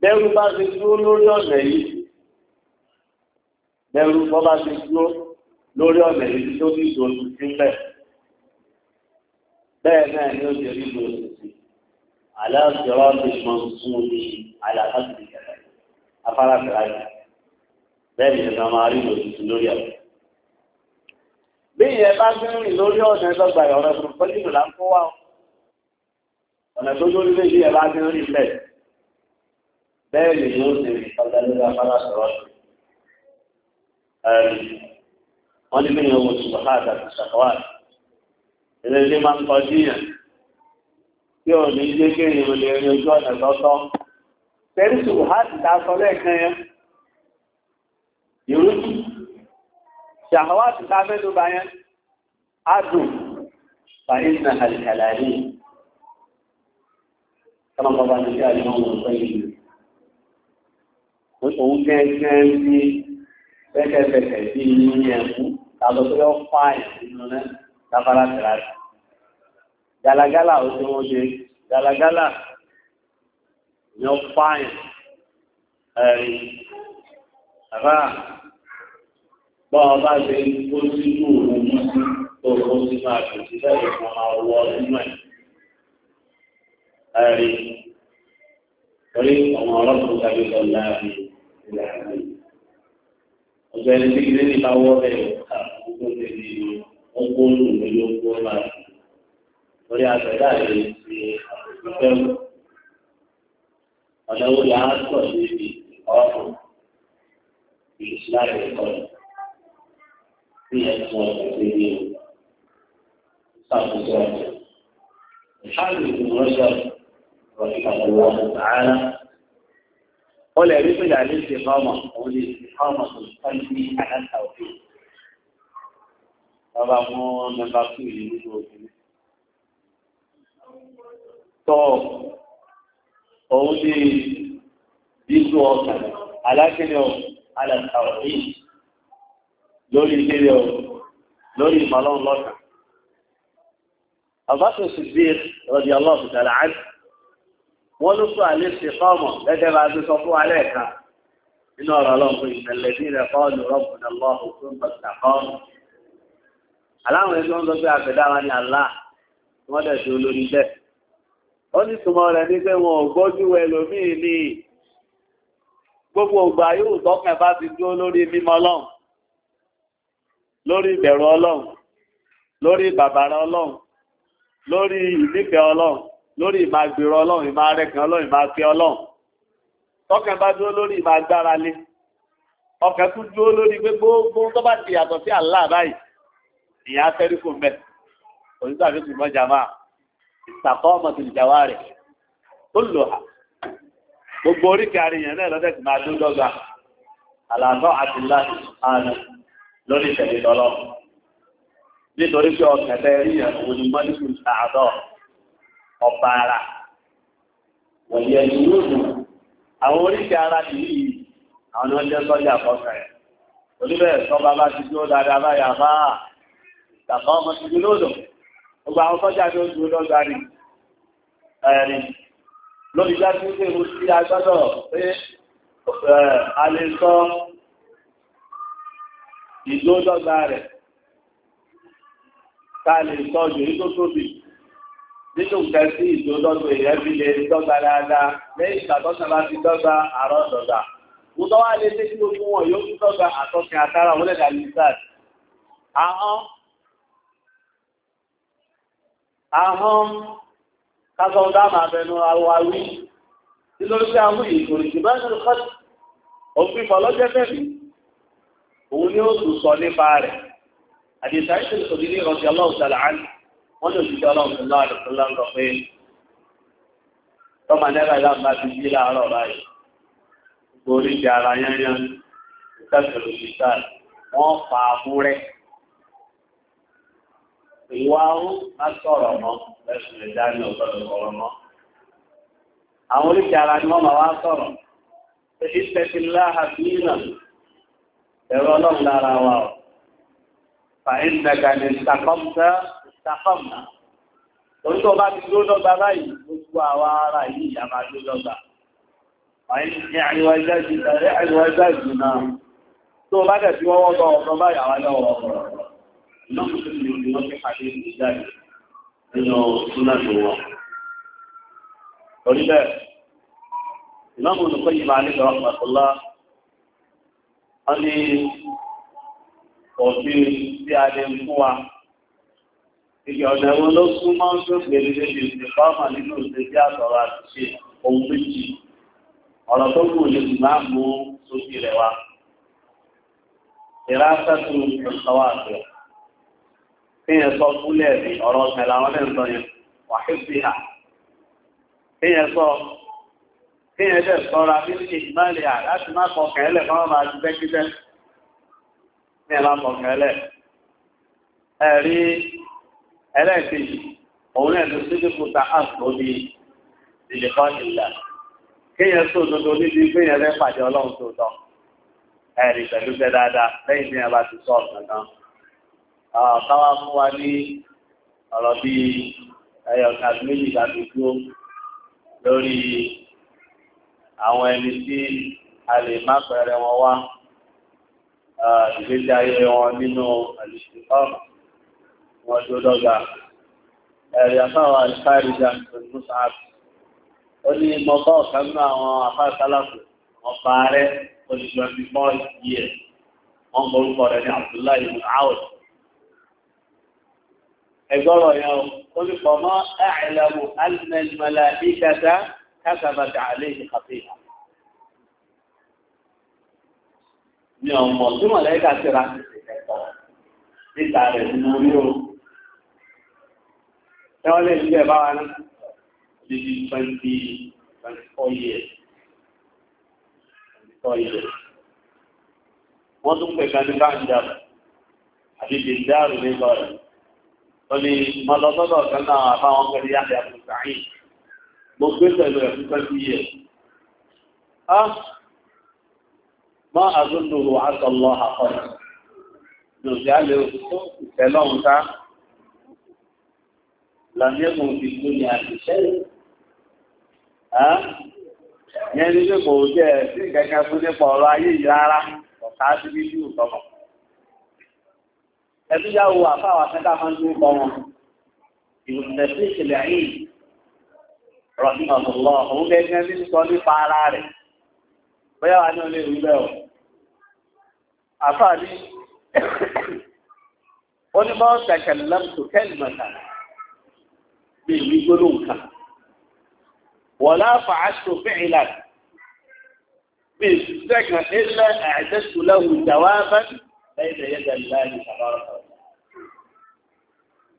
Bẹ́rù bá ti dúró lórí ọ̀nà yìí, bẹ́rù bọ́ bá ti dúró lórí ọ̀nà yìí tó ní ìdòtù sí mẹ́. Bẹ́ẹ̀ náà ni ó ti rí ìdòtù sí. Àlàáfíà ti mọ fún mi àlàáfíà ti kẹ̀kẹ́. Afárá kìlá yìí ọ̀nà tó lórí méjì ẹ̀ bá ti rí ilẹ̀ bẹ́ẹ̀ lè yóò ṣe ìpàdé lórí afárá sọ̀rọ̀ wọ́n ní bẹ́ẹ̀ wọ́n ti wàhálà àti ṣàkọ́wàá ilé ilé máa ń kọjú yẹn tí ò ní jẹ́ kí èèyàn lè rí ojú ọ̀nà lọ́tọ́ pẹ̀lú ṣùgbọ́n ta sọ lẹ́ẹ̀kan ti ta kọ́nà galagala ó tí wọ́n ṣe galagala ni ó fà ẹ̀rí àbá bọ́ ọba ṣe kó sínú òun mú sí tó kó sínú àtúnṣe bẹ́ẹ̀ ọwọ́ nínú ẹ̀ ẹ̀rí torí ọmọ ọlọ́pàá tàbí lọ láàrin ilẹ̀ àmì. ọ̀sẹ̀ ẹni tí ilé ní bá wọ́ bẹ́ẹ̀ ká gbogbo ṣe ní ọgbọ́n lù mí ló gbọ́ láàrin. torí àgbẹ̀dá rẹ̀ ṣe àtúnṣe ọ̀nà wo là á sọ̀ níbi رحمه الله تعالى قال يريد إلى الاستقامة أو الاستقامة القلب على التوحيد طبعا مو من باقي يقول طب أو دي بيسو أصلا على كده على التوحيد لوري كده لوري مالون لوكا أبو بكر الصديق رضي الله تعالى عنه wọ́n ló sọ àlè ṣe fọ́ọ̀mù gẹ́gẹ́ bá a ti sọ fún alẹ́ kan nínú ọ̀rọ̀ ọlọ́run ìṣẹ̀lẹ̀dí rẹ̀ fọ́ọ̀lù rọ́bùnà lọ́hùn tó ń bọ̀tà fọ́ọ̀mù. aláwọn ẹgbẹ́ wọn sọ pé àgbẹ̀dá wa ni àlá wọ́n dẹ̀ ṣe olórí bẹ́ẹ̀. ó ní túmọ̀ rẹ̀ ní pé wọn ò gbójú ẹlòmíì ní gbogbo ògbà yóò tọ́kàn bá ti dúró lórí mímọ́ ọlọ́run lórí ìbẹ̀rù ọlọ́run lórí lórí ìmá gbèrò ọlọ́run ìmá rẹ̀kàn ọlọ́run ìmá pé ọlọ́run tọkàn bá dúró lórí ìmá gbára lé ọkàn tún dúró lórí pé gbogbo tó bá ti yàtọ̀ sí Allah báyìí ìyá tẹ́rí fún mẹ́ òṣìṣẹ́ àfihàn ìmọ̀ jàmá ìtàkọ́ ọmọ tó ìjàwá rẹ̀ ó lò ha gbogbo oríkì àríyàn náà lọ́dẹ̀ tí máa dúró dọ́gba àlànà àti láti àná lórí ìtẹ̀lé lọ́lọ́ nítorí pé ọkàn tẹ́rí yẹn ọba ara
wọ̀nyẹ ni yóò dùn
àwọn oríṣi ara nìyí àwọn ni wọ́n jẹ́ sọ́jà fọ́sẹ̀ oníbẹ̀ sọ́ba bá ti dúró dáadáa báyà bá ìtàkọ́ ọmọ ti dúró lọ́dọ̀ gbogbo àwọn sọ́jà tó dúró lọ́dọ̀ rí ẹ̀rí lórí dájú pé mo sí agbọ́dọ̀ pé a lè sọ ìdúró dọ́gba rẹ̀ ká lè sọ jòrí tó tóbi nínú nǹkan sí ìdólọ́dún èèyàn fi lè dọ́gba dáadáa lẹ́yìn ìgbàdọ́sà bá ti dọ́gba àárọ̀ dọ́gba. mo tọ́wọ́ alẹ́ tí kí gbogbo wọn yóò tún dọ́gba àtọ́kẹ́ àtàrà wọn lẹ́dà ní sars. ahọ́n ahọ́n kásán dáàmà abẹnú àwọn awí tí lórí pé àwọn ìkòrò ìdìbò ẹni kọ́ òfin fọlọ́jẹ́ fẹ́mi òun ni ó tún sọ nípa rẹ̀ àdìsáyé tó wọ́n lè fi jọ́lọ́ ọ̀sánlá àdùsánlá ń sọ pé tọ́mà nẹ́rà ìlàmbá ti jí láàárọ̀ báyìí
gorí ti ara yányán
ìtàkùrù ìta wọ́n fa amúrẹ́ ìwà ọ̀hún má sọ̀rọ̀ mọ́ lẹ́sùn ẹ̀dá ní ọ̀gbọ́dọ̀ ọ̀rọ̀ mọ́ àwọn oríṣi ara ni wọ́n máa wá sọ̀rọ̀ ìtẹ̀síláhà bíínà
ẹ̀rọ ọlọ́run lára wa
ọ̀ fàáyín nàgà ní tàkọ́mà torí tó bá ti dúró lọ́gba báyìí gbogbo àwa ara yìí ìyá máa dúró lọ́gba àyíní àríwá ìjájú tó bá sí yìí máa ọ̀pọ̀lá ní tí a fún wa ìyọ̀nà wọn ló súnmọ́ tó pèlú lórí ìfọ́mọ̀ nínú ìgbésí àtọ̀rọ̀ àtúnṣe ohun méjì ọ̀rọ̀ tó kù ní ìgbà mú sókè rẹ̀ wá. ìrá sẹ́tù ìṣọwọ́ àti kéèyàn sọ fúlẹ̀ ní ọ̀rọ̀ ọ̀sẹ̀ làwọn lè sọ yẹn wà hípì hà kéèyàn sọ kéèyàn dẹ̀ sọ́ra bí ní ìgbàlẹ̀ à láti má kọ kẹ́lẹ̀ kọ́ máa ẹlẹ́ẹ̀kejì òun náà ló ṣe dípò ta àpò ní ìdìkan ìlà kéèyàn tó dodo níbi kéèyàn rẹ pàdé ọlọ́run tó tọ́ ẹ̀rì pẹ̀lú tẹ dáadáa lẹ́yìn tí a bá ti sọ ọ̀gbọ̀n káwá fún wa ní ọ̀rọ̀ bí ẹyọ kàdé méjì tàbí dúró lórí àwọn ẹni tí a lè má pẹ̀rẹ̀ wọn wá ìgbésí ayé wọn nínú àlùsí ọ̀rọ̀ wọ́n jọ dọ́gba ẹ̀rì àfáwà alifáàríjà musab ó ní mọ́bá ọ̀kan nínú àwọn afáàsálàkù ọba rẹ̀ olùgbọ̀n ti mọ́ ìyẹ wọ́n borúkọ rẹ̀ ní Abdullahi ibn Awd ẹgbọ́rọ̀ yẹn ó ní pọ̀ mọ́ ẹ̀ẹ́lẹ́mù alìmẹ́lẹ́mẹ́lẹ́ ìkẹta kásàbàtà àlẹ́yìn rẹ̀ nínú orí o ẹwọ́n lè ṣílẹ̀ bá wa ní bíbí twenty twenty four years twenty four years wọ́n tún pẹ̀ka ní báńjà àti dèjìdáàrù ní bọ́ọ̀lù ó ní mọ́lọ́sọ́dọ̀ kan náà àbáwọn pẹ̀lú yáàdì àbùsàáyìn mo gbé pẹ̀lú ẹ̀ fún twenty years. ما أظنه عسى الله خير. نرجع لم يكن في الدنيا شيء ها yẹn ní pé kò jẹ́ sí kẹ̀kẹ́ fún nípa ọ̀rọ̀ ayé yìí rárá ọ̀tá sí bí sí ìtọ́mọ̀ ẹbí yá wo àfáwà fẹ́ká máa ń tún kọ́ wọn ìrùsẹ̀ sí ìṣẹ̀lẹ̀ ayé rọ̀sìmọ̀sọ̀lọ́ òun gẹ́gẹ́ bí sọ nípa ara rẹ̀ bóyá wà ní olè rí bẹ́ẹ̀ o àfáà ní <coughs> ó ní bọ́ sẹ̀kẹ̀ lẹ́mùtò kẹ́lì mọ̀tàlá bí ìlú gbólóhùn kan wọ̀lá fàáṣọ fẹ́ẹ̀lá bí sẹ́kàn ilẹ̀ àjẹsù lẹ́hùn ìjàwá bá lẹ́yìn ẹ̀yẹ́ dàlá ní sàbára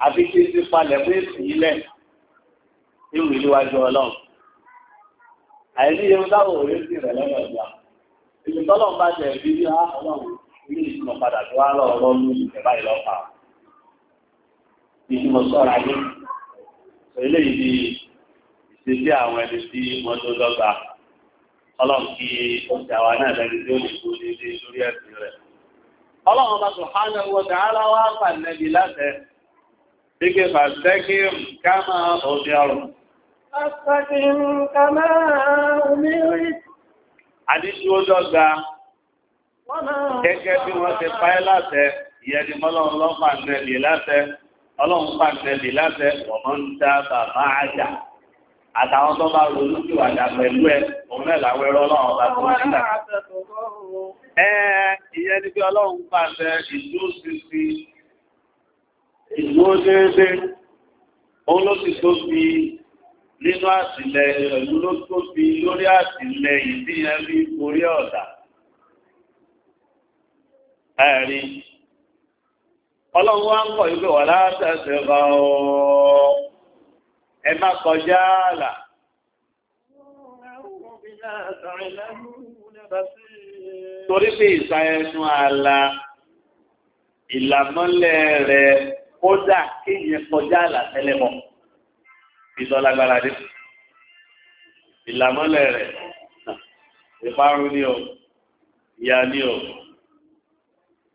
àfi kí n ti palẹ̀ fún èsì ilẹ̀ ìwé níwájú ọlọ́run àìní irun táwọn òye sì rẹ̀ lọ́wọ́ ìgbà ìlú tọ́lọ̀ padà tó wá lọ́wọ́ lọ́wọ́ ní ìlọ́pàá ìtumọ̀ sọ́ra yìí eléyìí ni ìṣesí àwọn ẹni tí wọ́n tó dọ́gba ọlọ́run kí oúnjẹ àwa náà lẹ́ni tí ó lè kú nílé lórí ẹ̀sìn rẹ̀. ọlọ́run bá subhanahu wa ta'ala wá pàlẹ́bí látẹ̀ gbígbé fàṣẹ́kì kámá òbí ọrùn. fàṣẹ́kì kámá omi rí. àdíjú ó dọ́gba gẹ́gẹ́ bí wọ́n ti pa ẹ́ látẹ̀ ìyẹn ni mọ́lọ́run lọ́pàá nẹ́bí látẹ̀ ọlọ́run pàṣẹ lè láṣẹ ọ̀mọ́n dá bàbá àjà àtàwọn tó bá ronú sí wàjà pẹ̀lú ẹ òun náà làwọn ẹrọ ọlọ́run ọba tó ń sílẹ̀. ẹ ìyẹn ni bí ọlọ́run pàṣẹ ìlú sisi ìlú déédéé òun ló ti tó fi nínú àtìlẹyìn ìlú ló tó fi lórí àtìlẹyìn tí yẹn fi borí ọ̀dà. ẹ̀rí ọlọ́run wá ń kọ̀ yí pé wà látẹ̀sẹ̀ kan o ẹ má kọjá àlà. torí pé ìsáyẹnu àlà ìlàmọ́lẹ̀ rẹ̀ kódà kéèyàn kọjá àlà tẹ́lẹ̀ mọ́ dé ìlàmọ́lẹ̀ rẹ̀ ìparun ni o ìyá ni o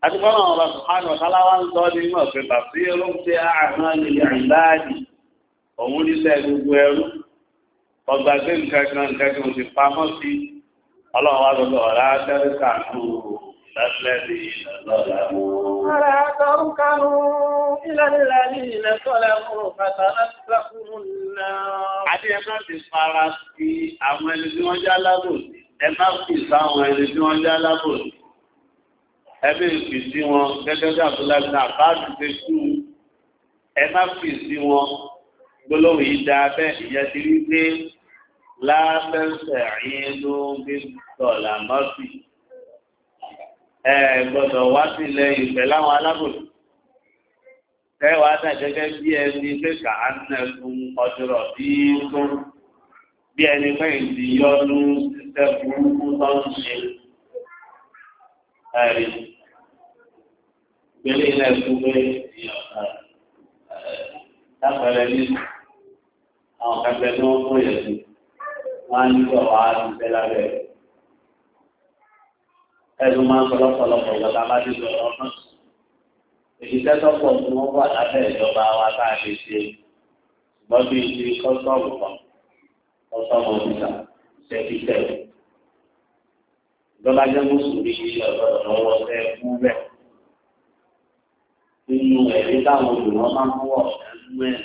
àti kọ́nà ọ̀rọ̀ sùhánù ọ̀táláwá ń sọ nínú ọ̀fẹ́ bàbí olóńgbé àrùn ilẹ̀ ìbáàdì òun níṣẹ́ gbogbo ẹrú ọgbà gbé nǹkan kan nǹkan kan ti pamọ́ sí ọlọ́run wá lọ́dọ̀ ọ̀rá tẹ́ríkà nù lẹ́lẹ́dì lọ́dọ̀ ọ̀rá tẹ́ríkà nù lẹ́lẹ́dì lọ́dọ̀ Adé ẹ̀fọ́ ti fara sí àwọn ẹni tí wọ́n já lábòsí, ẹ má fi sáwọn ẹni tí wọ́n já lábòsí ẹbí fi sí wọn gẹ́gẹ́ bí abdullahi náà bá ti ṣe kú ẹ má fi sí wọn gbólóhùn yìí dáa bẹ́ẹ̀ ìyẹn ti rí pé láfẹsẹ̀ yín ló ń gbé dọ̀là mọ́sí ẹ gbọ́dọ̀ wá sílẹ̀ ìfẹ́ láwọn alábòsí tẹ́wàá dà gẹ́gẹ́ bí ẹni pé kà á nẹ̀kùn bí tó bí ẹni pé ìdíyọ́nú ṣiṣẹ́ burúkú tó ń ṣe gbélé ilé ẹ̀kú pé lápẹẹrẹ ní àwọn kẹfẹ tó ń kó yẹ sí wọn á ní kí ọwọ́ á ti máa ń sọ lọ́pọ̀lọpọ̀ ìjọba bá ti sọ̀rọ̀ ọdún èyíṣẹ tọpọ tí wọn wà lábẹ́ ìjọba wa tá a lè ṣe ṣùgbọ́n bí ti kọsọọmù kan kọsọọmù ọfíìsà ṣẹfíṣẹ ìjọba jẹ mùsùlùmí ọ̀dọ̀ lọ́wọ́ fẹ́ fún bẹ́ẹ̀ nínú ẹ̀rí táwọn olùwọ́n máa ń wọ̀ ẹ̀rú ẹ̀.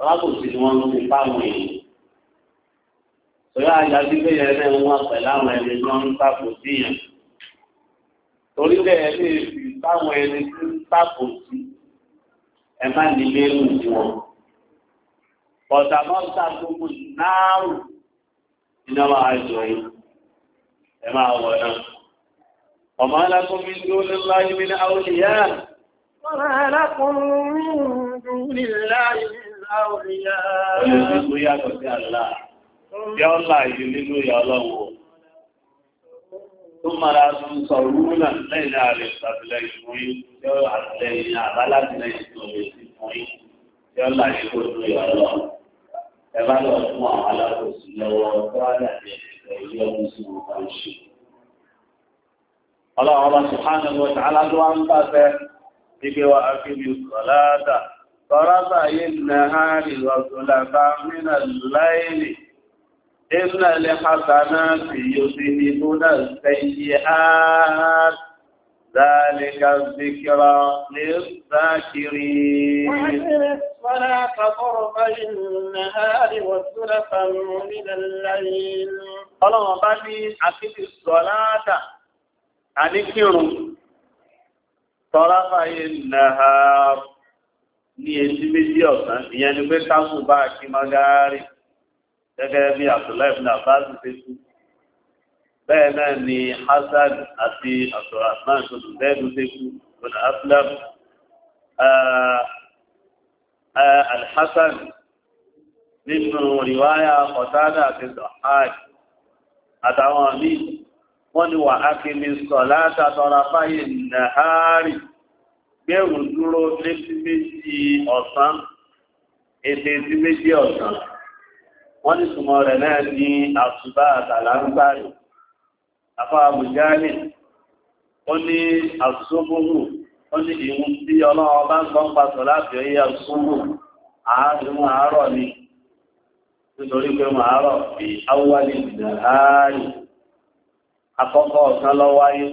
Ọlábòsí ni wọ́n ń fi fáwọn èèyàn.
Sọ̀rọ̀ àjà sí pé yẹn náà wọ́n pẹ̀lú àwọn ẹni tó ń
tako sí yẹn. Torí bẹ́ẹ̀ lè fi fáwọn ẹni tó ń tako sí ẹ má ní lérò sí wọn. Bọ̀dà máa ń ta gbogbo náà ìnáwó àjọ yìí. Ẹ máa wọ̀ náà. وما لكم من دون الله من أولياء وما لكم من دون الله من أولياء ولكم يا الله يا الله يجلد يا الله ثم لا تنصرون لين على السبيل يا علينا على السبيل يا الله يجلد يا الله ẹ bá lọ fún àwọn alákòóso lọ́wọ́ tó á dàbí ọmọ sí wọn bá ń ọlọ́run ọba subhanahu wa ta'ala ló wá ń pàṣẹ ìgbé wa àfihàn ìsọ̀láta tọ́rọ́bà yìí nà á rí wàtúlàbà mínà láìlì ìnà lè hàtàná sí yóò sí ní múnà sẹ́yìn áàt ذلك الذكرى للذاكرين ولا تطرف النهار والسلفا من الليل قال وقال أقف الصلاة àníkírun tọ́láfà ìnàhà ní etí méjì ọ̀sán ìyẹn ni pé káàkù bá kí magari gẹ́gẹ́ bí Abdullah ibn Abbas ti kú bẹ́ẹ̀ náà ni Hasan àti Abdulrahman tó tún bẹ́ẹ̀dù ti kú wọ́n ni wà ákìlì sọ̀lá tàtọ́ra fáyé nàárì gbẹ̀rù dúró létí méjì ọ̀sán ètè tí méjì ọ̀sán wọ́n ni súnmọ́ rẹ̀ náà ní àṣùbá àtàlágbàrì afọ́ àbújáàlì ó ní àṣùbùrù ó ní ìwú tí ọlọ́run bá ń gbọ́n àkọ́kọ́ ọ̀sán lọ wáyé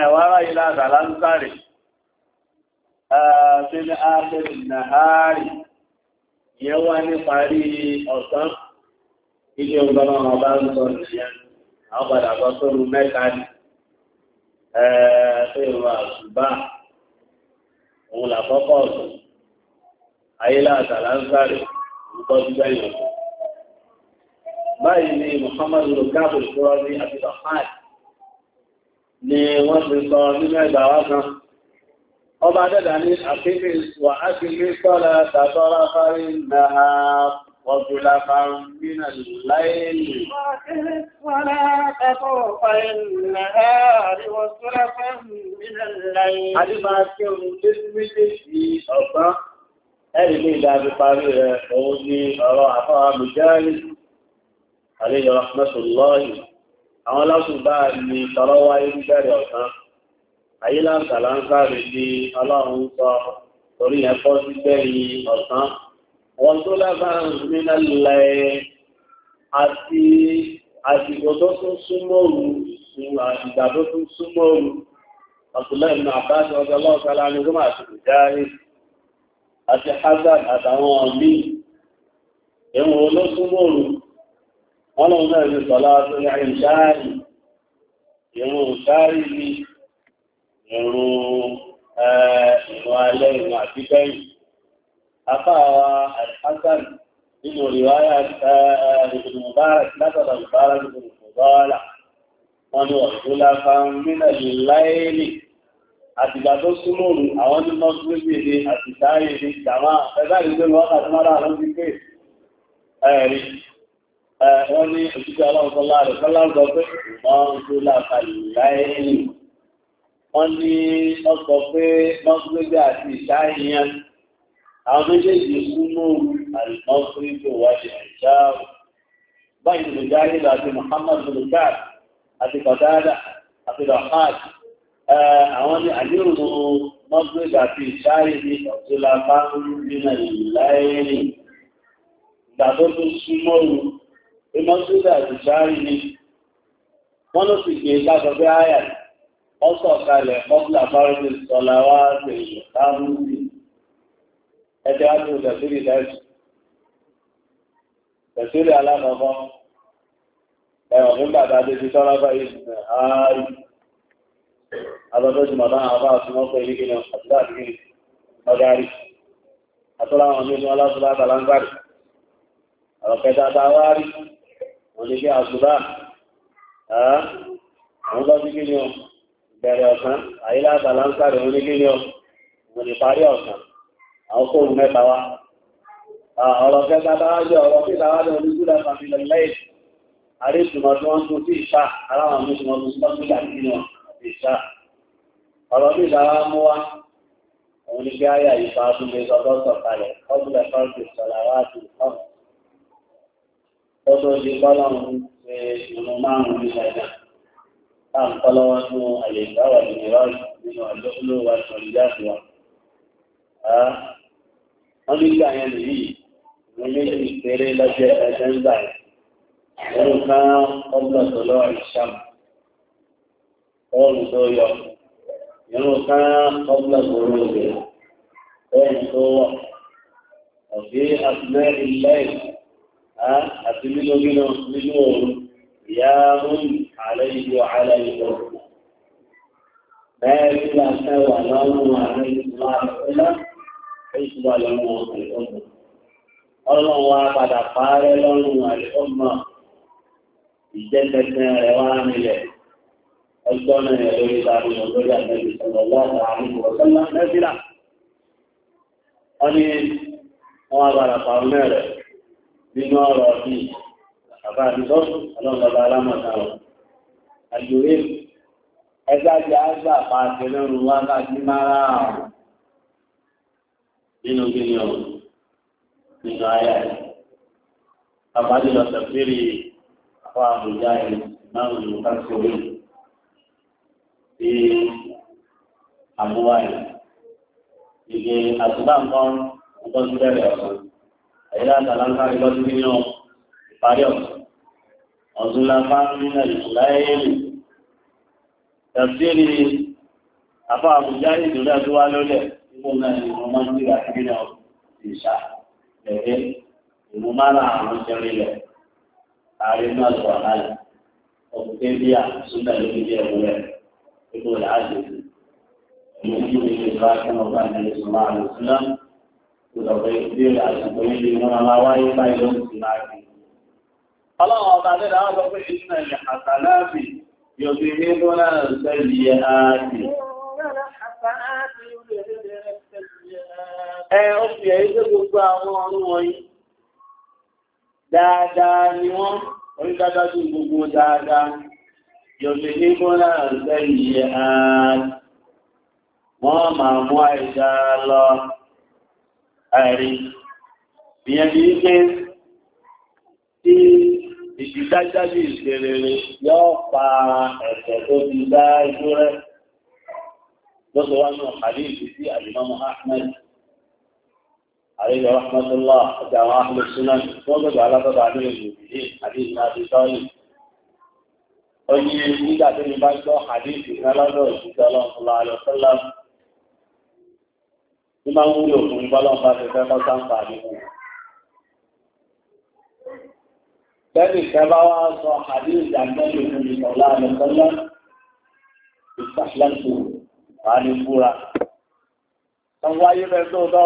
ẹ̀wà ráyí láàdà lánúkàrí ẹ̀ẹ́sìn ápẹ́lì nàárì yẹ wá ní parí ọ̀sán ilé ọgbọ́n ọba ń sọ nìyẹn àwọn padà bọ́ sóru mẹ́ta ní ẹ̀ẹ́sìn ìwà àṣùbà òun làkọ́kọ́ ọ̀sán ayé báyìí ni Muhammad lukaku kúrọ ní abdullahi ni wọ́n ti sọ nínú ẹgbà wá kan ọba dẹ́dà ní àfihàn wà á ti rí sọ́lá tàbọ́rá fárí náà wọ́gbùlá fárí nínà láìlì Adébá kí o ní ìdájú parí rẹ̀ òun ni ọ̀rọ̀ àlejò rahmatulahi àwọn lásùbá ní tọrọwá irú bẹ̀rẹ̀ ọ̀tán ayélujára láńsáré ní ọlọ́run sọ torí yẹn kọ́ sí gbẹ̀yìn ọ̀tán wọn tó lábàá nínú ilẹ̀ àti àsìkò tó tún súnmọ́ òru ìgbà tó tún súnmọ́ òru Abdullahi ibn Hazard àtàwọn ọ̀mí ẹ̀wọ̀n olóṣùmọ̀ ọlọ́run náà ní sọ̀lá tó ní àyè ṣáàrì ìrùn ṣáàrì ní ìrùn ìrùn alẹ́ ìrùn àti bẹ́yìn afáwa alhassan nínú ìwáyà ìgbìmọ̀bára látọ̀dọ̀ ìbára ìgbìmọ̀bára wọn ni ọ̀dọ́ láfáà nínú ìláìlì àtìgbà tó súnmọ́rù àwọn ní mọ́sílẹ́gbèdè àti sáàyè ní jàmáà ẹgbẹ́ ìgbẹ́lú wákàtí wọ́n ní òṣìṣẹ́ aláwọ̀sọ́lá rẹ̀ sọ́láńgọ́ pé wọ́n tó láta ìláyẹ̀lì wọ́n ní ọkọ̀ pé mọ́gbẹ́gbẹ́ àti ìṣáyẹn àwọn méjèèjì kú mọ́rù àìmọ́síríkò wáṣẹ̀ ìṣá báyìí ló jáde àti Muhammad bulgar àwọn ní àdéhùn mọ́sílẹ̀ àdìsáárì ni wọ́n ló sì gbé lágbàgbé àyà ọ̀sọ̀ kalẹ̀ ọ̀pọ̀lá fárúdì sọ̀lá wá sí ìlúkàrúdì ẹ̀dẹ̀ àti òdàsílì dájú òdàsílì alákọ̀ọ́kọ́ ẹ̀wọ̀n fún bàbá adébí tọ́lá báyìí nìyẹn ààrì àbábẹ́jùmọ̀ náà àbá àtúmọ́pẹ́ ilé kìnnà àtúrà àdìgìrì ọ̀gáàrí àtúrà àwọn mímú ọlá òní bí àṣùbá àwọn bá sí kíni ọ bẹ̀rẹ̀ ọ̀sán àyílá àtàlà ń sáré òní kíni ọ mo lè parí ọ̀sán àwọn kóòrùn mẹ́ta wá ọ̀rọ̀ kẹta bá jẹ́ ọ̀rọ̀ kíta wá lọ ní gúdà fàmílẹ̀ lẹ́yìn àríṣùmọ̀ tí wọ́n tún sí ìṣá aláwọn àmúṣùmọ̀ tó sọ́ sí kíni ọ ìṣá ọ̀rọ̀ bí ìdára mú wá òun ni kí ìfà tún lè sọ kalẹ̀ ọdún ẹ̀fọ́ ti sọ̀lá wá sí lọ́dọ̀ di bọ́lọ́run ṣe ìrun márùn-ún ní ṣàìdá tá ń kọ́lọ́wọ́ tó àyè ìgbáwà ní ìwádìí nínú àjọ́kúlò wa sọ ìjáàbù wa. wọ́n ní gbà yẹn nìyí ìwé méjì péré lọ́jọ́ kan ọgbà tó lọ́wọ́ ìṣàmù. tó wọ̀. Ọ̀fẹ́ àtúnẹ́ ilẹ̀ ìlú àti nínú nínú nínú òru ìyá ń àlẹ́ ìlú àlẹ́ ìlú bẹ́ẹ̀ tí wà fẹ́ wà lọ́rùn àlẹ́ ìlú àlẹ́ èyí wà lọ́rùn àlẹ́ ọmọ ọlọ́run wa padà parẹ́ lọ́rùn àlẹ́ ọmọ nílẹ̀ ọjọ́ náà yẹ lórí sáré lórí àtẹ̀lẹ́ sọ̀rọ̀ lọ́wọ́ àwọn wọ́n ní wọ́n á padà parọ́ nínú ọ̀rọ̀ bí bàbá àdìsọ́sù ọlọ́gbàbà alámọ̀tàwọ̀. Àjòyè ẹgbàjì àgbà pàṣẹ lọ́rùn wá láti mára àrùn nínú gíní ọ̀rùn nínú ayá ẹ̀. Bàbá àdìsọ́ tẹ̀fẹ́rì àwọn àbújá ẹ̀ náà ló ká sí orí sí àbúwá ẹ̀. Ìgbè àtúbà nǹkan nǹkan sí bẹ̀rẹ̀ ọ̀sán ẹ̀yà àtàlágbárí lọ́dún nínú ìparí ọ̀sán ọdún lápá nínú ìlàyẹ̀lì tẹ̀síìrì àbá àbújá ìdúrà tó wá lọ́lẹ̀ nígbò náà ni mo máa ń gbé àti nínú ìṣà lẹ́rẹ́ ìmú máa ra àwọn jẹrin lẹ̀ ààrẹ náà lọ àlàyé ọkùn tẹ́ bí à sódà ló fi jẹ́ ẹ̀rọ rẹ̀ nígbò láàjẹ̀ ìlú ìlú ìlú ìlú ìlú ìlú ìlú ìlú ìlú Ọlọ́run ọba lẹ́la wọ́n sọ pé ìṣúná ilẹ̀ àtàláàbì yóò fi ní bó náà sẹ́yẹ ààbì. Ẹ ó fi ẹ̀yí tó gbogbo àwọn ọrún wọ̀nyí. Dáadáa ni wọ́n, orí dáadáa tó gbogbo dáadáa. Yóò fi ní bó náà sẹ́yẹ ààbì. Wọ́n máa mú àìdá lọ ààrí ìyẹn bí i pé tí ìdídájájú ìṣẹ̀rẹ̀rẹ̀ yóò pa ẹ̀ṣẹ̀ tó ti dá ẹjú rẹ̀ lọ́sọ̀ wá náà àlè ìlú sí àlìmọ́mọ́ Ahmed àríyá rahmatullah àti àwọn ahmed sunan wọ́n gbẹ̀gbẹ̀ alábọ́bà ní ìlú àti ìlú àti sọ́ọ̀lì ó ní nígbà tó ní bá gbọ́ àdéhùn ní máa ń wúlò fún bọ́lọ́n bá ti fẹ́ kọ́sá ń pàdé fún un. Bẹ́ẹ̀ni kẹba wá sọ àdé ìdàgbẹ́lò fún mi sọ̀lá àlẹ́sọ́lá ìpàṣẹ́sọ wà ní búra. Sọ́wọ́ ayé bẹ́ẹ̀ tó tọ́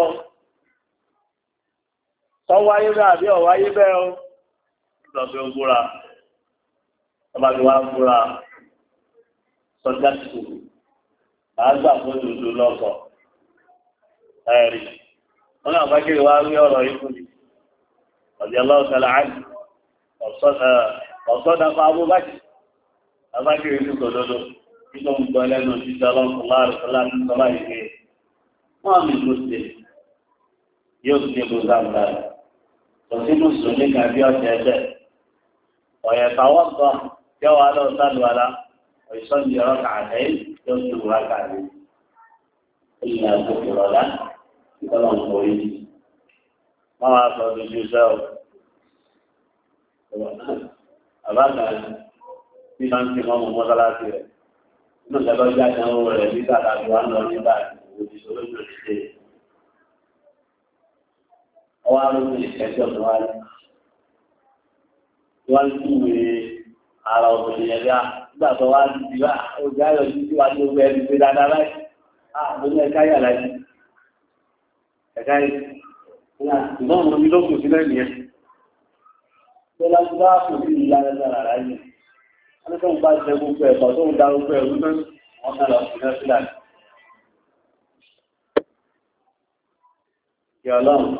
o ẹ̀rí wọn náà bá kiri wá rí ọ̀rọ̀ ikú ni ọ̀dí aláwọ̀sálà ájì ọ̀sọ́dà fún abúbájì abákiri ní kòdodo nígbà ń gbọ́ lẹ́nu títí ọlọ́kùnlá àrùsọ́lá ní sọ́lá yóò ṣe gbogbo àgbà kò sí mùsùlùmí ìtọ́lọ̀ ń kọ yìí wọ́n sọ dojú iṣẹ́ o àbáta bí máa ń fi mọ́ mọ́ mọ́sálásí rẹ̀ nínú ìjọba ìjà ìdánwò rẹ̀ nígbà tàbí wà ń lọ nígbà òjìṣẹ́ olóṣèlú ṣe ọwọ́ arúgbó ìkẹ́jọ́ tó wáyé wọ́n ń túwèé ara obìnrin yẹn bíá nígbà tó wá ti di wá ojú ayọ̀ yìí tí wàá tó bẹ́ẹ̀ ti ṣe dáadáa báyìí àbúrò ẹ̀ká yàrá yìí ẹ̀ka yìí ṣùgbọ́n àwọn onílọ́gùn sílẹ̀ nìyẹn tó láti bá kò sí ìlà ẹ̀dára ráyè wọ́n tó ń bá jẹ gbogbo ẹ̀kọ́ tó ń da gbogbo ẹ̀rú náà wọ́n náà lọ sí nẹ́fílà kí ọlọ́run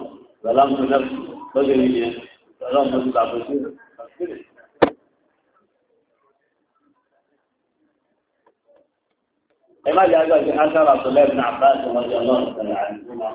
lọ́lọ́run tó nẹ́fù lọ́jọ́ yìí yẹn lọ́lọ́run tó ń tàbí sí ẹ má jẹ́ àgbàgbé ására tó lẹ́ẹ̀mí àbá àti ọmọdé ọlọ́run tẹ̀lé àdúgbò náà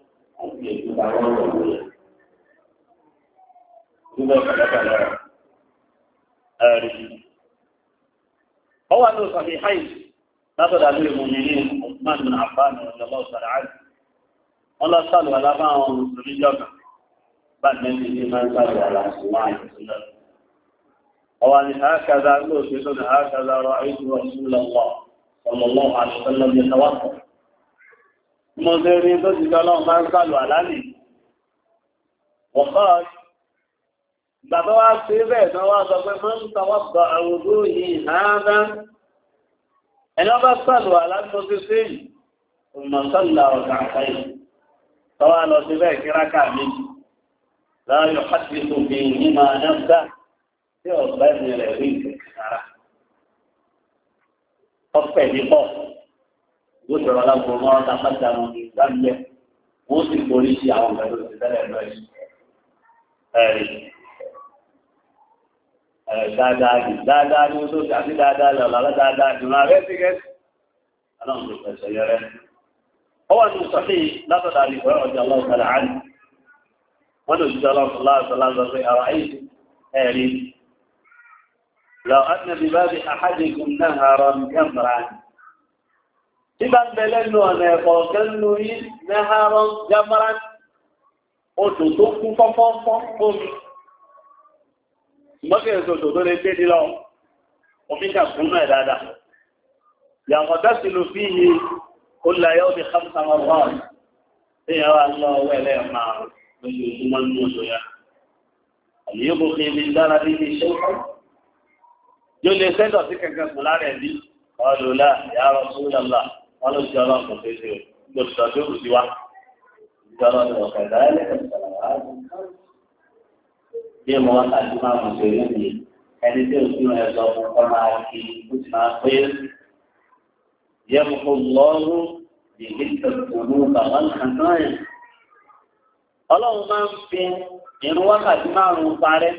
àti èyí táwọn ọ̀rọ̀ wò yẹn. Nígbà pàlàpàlà ẹ̀rí. Ọwọ́ àti òsàlẹ̀ Hayi látọ̀dà lórí mu ní ní Osman bin Affan ìjọba òsàlẹ̀ Hayi. Wọ́n lọ sálùwà lábá àwọn mùsùlùmí jọ̀gà. Báyìí mẹ́rin ní máa ń sálùwà láti wá ìṣúná. Ọwọ́ àti هكذا lóòṣèlú هكذا رأيت رسول الله صلى الله عليه وسلم يتوقف mo lè rí tó ti tọ́lọ́run bá ń sàlù àlálì wọ̀kọ́ bàbá wa ṣe bẹ́ẹ̀ tán wá sọ pé máa ń tọwọ́ bọ àwùjọ yìí náà ẹni wọ́n bá sàlù àlálì tó lọ sí bẹ́ẹ̀ kíráka méjì láàyò ó sọ̀rọ̀ lápò mọ́ tápátá wọn ní gbàgbẹ́ wọ́n sì borí sí àwọn ọ̀gá tó ti tẹ́lẹ̀ lọ yìí. ẹ̀rí ẹ̀rẹ̀ dáadáa ni dáadáa ni ó tó ṣe àti dáadáa lọ lọ́la dáadáa ni máa rẹ́ sí gẹ́sì. aláwọn tó fẹsẹ̀ yẹrẹ. ó wà ní sọ́fì látọ̀dá ní ìfọ̀rọ̀ ọjà ọlọ́run tẹ̀lé àná. wọ́n lè jíjọ ọlọ́run láàrín pé àwọn ayé ẹ̀rí. lọ Nígbà bẹ̀lẹ̀ nù ọ̀nà ẹ̀kọ́ gẹ́nu yí mẹ́hàrán jámárá odò tó kú fọ́fọ́fọ́ omi. Mọ́kẹ́ ìṣòṣò tó lè gbé nílọ, omi kà fún náà dáadáa. Yàwọ̀ dásì ló fi yí ó láyé ó di Hamsa Marwan. Ìyàwó àlọ́ ọwọ́ ẹlẹ́ wọn ló ṣe ọlọ́run kò ṣeé ṣe o nígbà tó ṣàdé òkú sí wa ìjọ ọlọ́run ọ̀kà ìdáyẹlẹ bí mo wá kájú máa mọ̀ sí orí mi ẹni tí òkú rẹ̀ sọ fún ọ máa kí ó ti máa pé yẹ kó lọ́rùn ń fi irun wákàtí márùn-ún parẹ́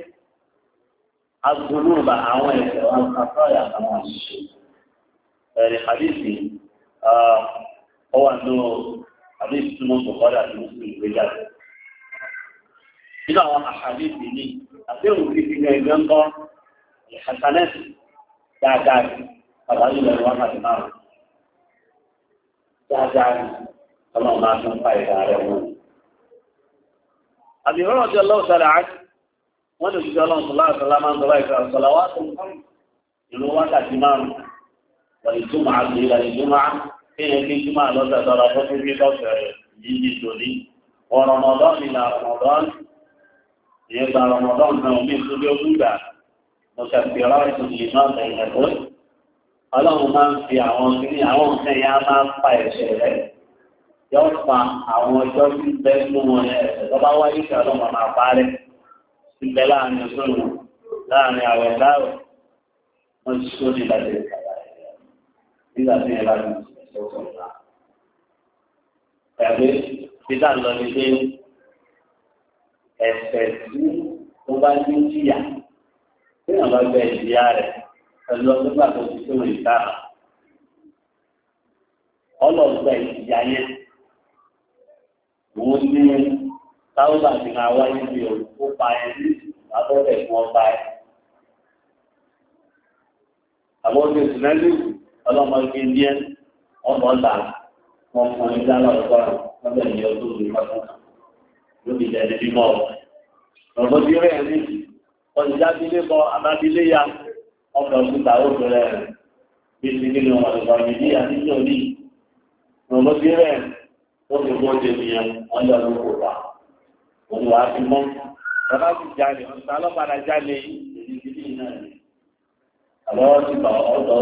agbóhùn bá àwọn ẹ̀ṣẹ̀ wọn kàtọ́ ìyàtọ̀ wọn ṣe. ẹ̀rẹ̀ àdìsí ọ wà ní àbí ìtumọ̀ bọ̀kọ́dà àti mùsùlùmí ìwé jáde. nínú àwọn àṣàlẹ̀ ìdí ni àti òun fi fi gan ẹgbẹ́ ń bọ́ ìhàtánẹ́sì dáadáa rí àbájú lẹ́nu wákàtí márùn-ún. dáadáa rí ọlọ́run máa tún fa ìdá rẹ̀ wọ́n. àbí ìrọ̀rùn ìtumọ̀ àti ìlà ìtumọ̀ kéèyàn kí ìtumọ̀ lọ́sẹ̀ tọ́ra tó fi fi lọ́sẹ̀ yíyí tòní. Wọ́n Ramadan ìlà Ramadan ìyẹn gba Ramadan náà ní ìtúbí ogún gbà. Mo ṣàfihàn ìtò ìmọ̀ ẹ̀yẹ̀ tó. Ọlọ́run máa ń fi àwọn kíní àwọn nǹkan láàrin àwẹ̀ láàrẹ̀. Wọ́n ti sóni láti ìkàlà nígbà tí ẹ bá ti sọ̀rọ̀ náà. Ẹ̀gbẹ́ títà lọ ní pé ẹ̀sẹ̀ tí ó bá ní jìyà tí àwọn bá bẹ ìjìyà rẹ̀ pẹ̀lú ọdún gbà tó ti tó ìta. Ọlọ́gbà ìjìyà yẹn òun ní táwọn àti máa wáyé bí òkú ẹ ní abọ́bẹ̀ fún ọba ẹ. Àwọn oṣù Nàìjíríà ọlọ́mọ ike ọmọ ọ̀la wọn fún ní dáná ọ̀gbà lọ́dọ̀ ìyẹn ọdún òní pátá lóbi ìdẹ́ni bímọ ọ̀gbọ́n bí rẹ̀ ní ọ̀dìjábílé bọ àbábílé ya ọkọ̀ òkúta ó bẹ̀rẹ̀ bí ti nínú ọ̀dọ̀gbọ̀n mi ní àdíjọ́ ní ọ̀gbọ́n bí rẹ̀ ó fi mọ́ ọdẹ mi yẹn wọ́n yọ ló kó wa òun wàá fi àmọ́ wọ́n ti bá àwọn òkè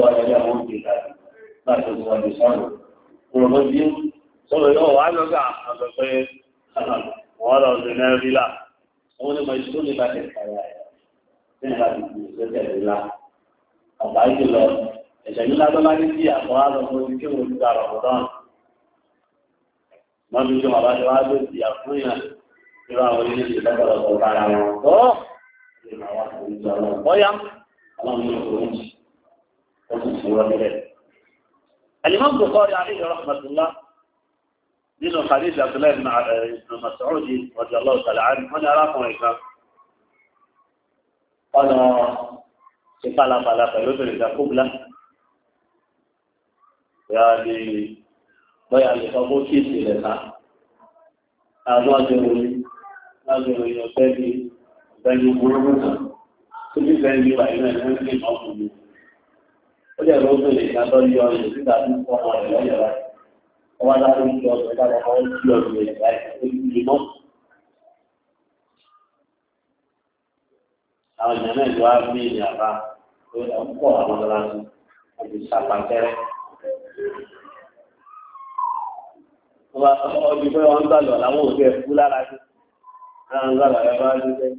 láti láti wọ́n lè sọ̀rọ̀ kúròmó bí yóò wá lọ́gà àgbẹ̀ pé wọ́n lọ ìlà tuntun lọ ẹ̀sẹ̀ ńlá الإمام بخاري عليه رحمة الله من حديث عبد الله بن مسعود رضي الله تعالى عنه أنا أراكم إكرام قال سفلا فلا فيوتر إذا قبلة يعني bọ́yà lè sọ fún kíìsì rẹ̀ ká àwọn àjọrò ní àjọrò ìyọ̀fẹ́ tóbi fẹ́ẹ́ ní ń pèlè ìdájọ́ yọ ọyọ síta àwọn ń pọ̀ àwọn ọ̀la ń gbàlọ̀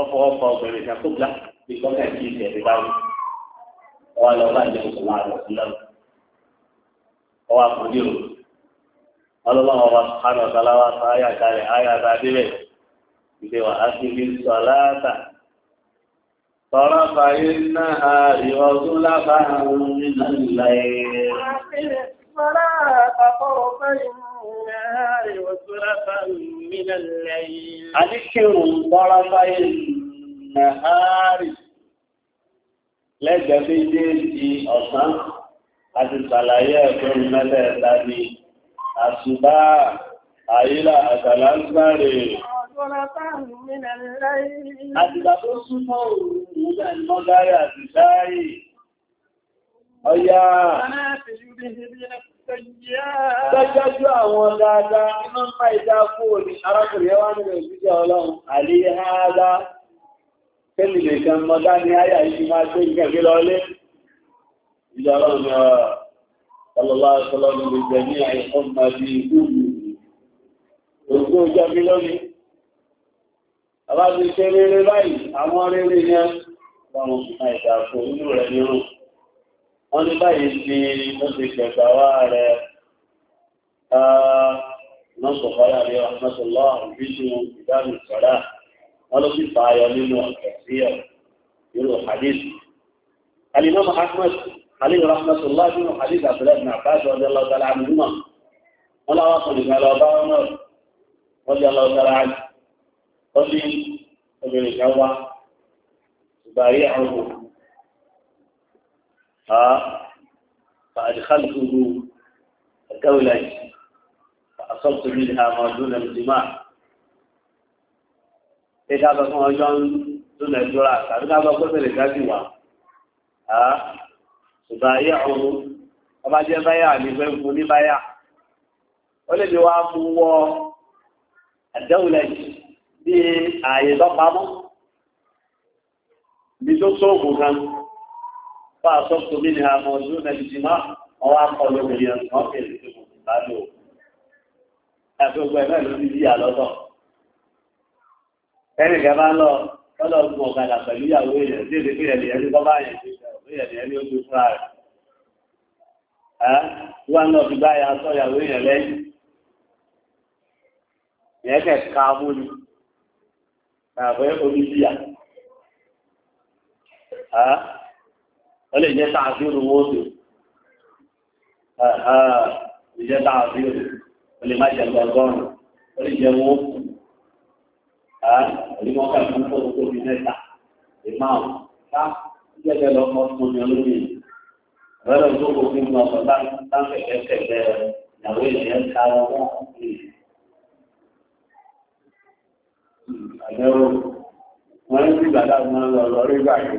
ọfọ ọfọ obìnrin kan tó gbà kí ìṣẹ̀ ti wù ọwọ́ lọ bá jẹ oṣù láàrọ̀ sí lọ́nà ọwọ́ àpòdì o ọlọ́wọ́ ọba sùpánù ọ̀tàláwà sọ ayé àkàlẹ̀ ayé àtà débẹ̀ ìgbé wa á ti fi sọ láàtà tọ́lá fàyè náà ìwọ tó lábàá àwọn nínú ìlà ẹ̀. النهار وزلفا من الليل أذكر طرفي النهار lẹ́gbẹ̀ẹ́ méjèèjì ọ̀sán àti ṣàlàyé ẹ̀kùn mẹ́lẹ̀ẹ́ta ni àṣùbá àyílà àtàlásàrè àtìgbà tó súnmọ́ òun ní ẹ̀mọ́gárí àti sáàrì ọya Tẹ́jọ́jú àwọn dáadáa iná ń pa ìdá fóò ní arákùnrin ẹwà nílẹ̀ òjíjẹ́ ọlọ́run àríháàlá. Tẹ́lì lè kan mọ́dá ní àyà yìí máa tó ìgbẹ̀gbẹ̀ lọlé. Ìjọ ọlọ́run ah, ọlọ́lá ọlọ́run lè jẹ ní àìkọ́ máa bí ìgbùgbù. Ògbó ìjọ mi lónìí. Àbájú ṣe rere báyìí, àwọn rere wọ́n ní báyìí ni wọ́n ti gbẹ̀gbà wá rẹ̀ nọ́sọ̀fọ́lá ní ọ̀nàṣọ́lọ́ ìbíṣù ìdáhùn ìṣọ̀lá wọ́n ló sì fà ayọ nínú ọ̀kẹ́ sí ọ̀ nínú hadith alimọ́mọ́ ahmed alẹ́ rahmatullah nínú hadith abdullahi bin abbas ọjọ́ lọ́gbàlá àmúmọ́ wọ́n ها فأدخلته دولة فأصبت منها ما دون الجماع إذا بكم أجون دون الجراء فإذا بكم الجراء ها سبايعه ọba jẹ́ báyà ní fẹ́ fún ní báyà ó lè bí wá mú wọ àdẹ́wùlẹ̀ bí ààyè فأصبت منها موزون الجماع وأقل من الصنف القالوا أقول ما الذي على ضغط ẹnì kan máa ń lọ lọ́dọ̀ gun ọ̀kadà pẹ̀lú ìyàwó èèyàn tí èdè pínlẹ̀ lè ẹni bọ́bá yẹn ti ìyàwó èèyàn ní oṣù fúnra rẹ̀ ẹ́ wọ́n náà fi bá ya sọ ìyàwó èèyàn lẹ́yìn ìyẹn kẹ̀ ká mú ni àbẹ́ omi bíyà wọ́n lè jẹ́ tààfíìrù wóòdù ìjẹ́ tààfíìrù wọ́n lè jẹ gbọ́gọ́rùn wọ́n lè wọ́n kù ẹ̀rí wọn fún fún tóbi mẹ́ta ìmáà ká jẹ́gẹ́ lọ mọ́ fún mi olómi rẹ́rọ̀ tó kò fún mi ọ̀sán láti ìyàwó ìyẹn ká wọ́n kù àjẹwò wọ́n ń bí gbàdá wọn lọ lọ rí gbàgbé.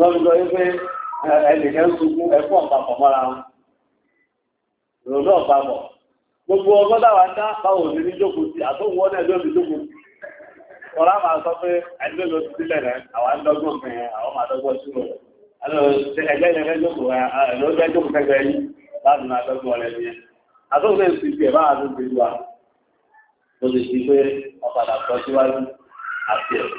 wọ́n fi sọ wípé ẹnìkan ń sunkún ẹ̀fọ́ ọ̀pàpọ̀ mọ́ra wọn ròdó ọ̀pàpọ̀ gbogbo ọgọ́dà wa dá báwo ní ní jókòó sí àtòwò wọn náà lóòótọ́ jókòó sí ọ̀rá máa sọ pé ẹgbẹ́ ló ti sílẹ̀ rẹ̀ àwọn adọ́gbọ̀n fún yẹn àwọn máa dọ́gbọ́n sí rẹ̀ ẹgbẹ́ yẹn fẹ́ jókòó ẹ̀rọ fẹ́ jókòó fẹ́ yìí láti máa dọ́gbọ́n rẹ̀ yẹn àtòwò náà sì fi ẹ̀bá àtúntò ìlú wa ló ti fi pé ọ̀padà sọ síwájú àti ẹ̀rọ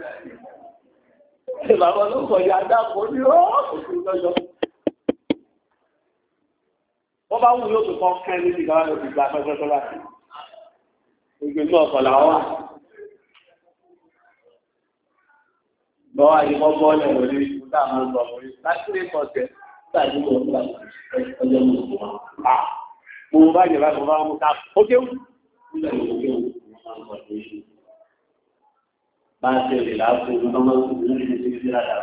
Bàbá Wọ́n bá wù yóò tó kọ́ kẹ́ ní ìgbà lórí ìgbà pẹ́pẹ́pẹ́ láti. Ìgbè ní wà. Lọ́wọ́ àyíkọ́ bọ́ọ̀lẹ̀ wọlé ìgbà mọ́ sọ pé láti lè kọ̀ tẹ̀ láti lè kọ̀ tẹ̀ ọjọ́ mọ́. À mo bá yẹ̀ bá mo bá mú ká ó kéwù. Nígbà yóò kéwù, mo máa ń kọ̀ bá ṣe lè láàpù ọmọ ìlú ní ti fi rádà.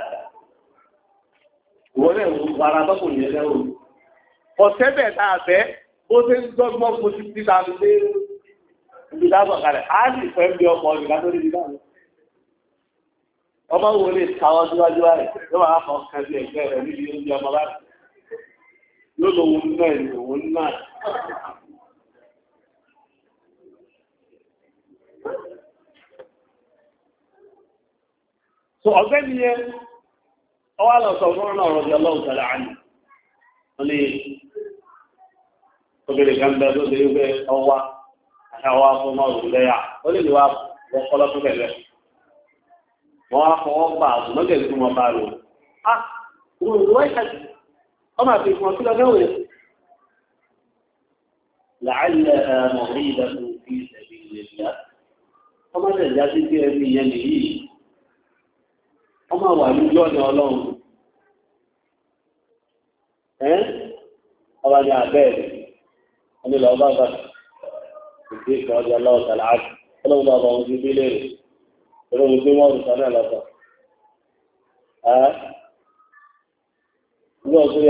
Wọ́n lè wọ ara tọ́kùn yẹn lẹ́wọ̀. Ọ̀sẹ̀ bẹ̀ tá a fẹ́, ó ṣe ń gbọ́gbọ́n kó ti ti ta lé ibi dábọ̀ kalẹ̀. A sì fẹ́ bí ọmọ ìlú lórí ibi dábọ̀. Ọmọ wo lè ta ọ síwájú rẹ̀? Yóò máa fọ kan sí ẹgbẹ́ rẹ̀ níbi ọmọ bá. Yóò lọ wọn náà ìlú wọn náà. so ọ̀gbẹ́ mi yẹ ọwọ́ àlọ́sọ̀ ọ̀rọ̀ náà rọ̀bì ọlọ́run tẹ̀lé àní wọ́n ní obìnrin kan tó ṣe wípé ọwá àtàwọn afọmọ òun lẹ́yà ó lè wá wọ́n wà lójú ọ̀nà ọlọ́run ẹ́ ọba ní abẹ́ ọmọ ọba bá ìdí ìfẹ́ ọjọ́ ọlọ́run tàlá ọlọ́run bá ọba wọn ti bí léèrè pẹ̀lú ohun tí wọ́n rù náà lọ́sọ̀ ẹ́ ìlú ọ̀tún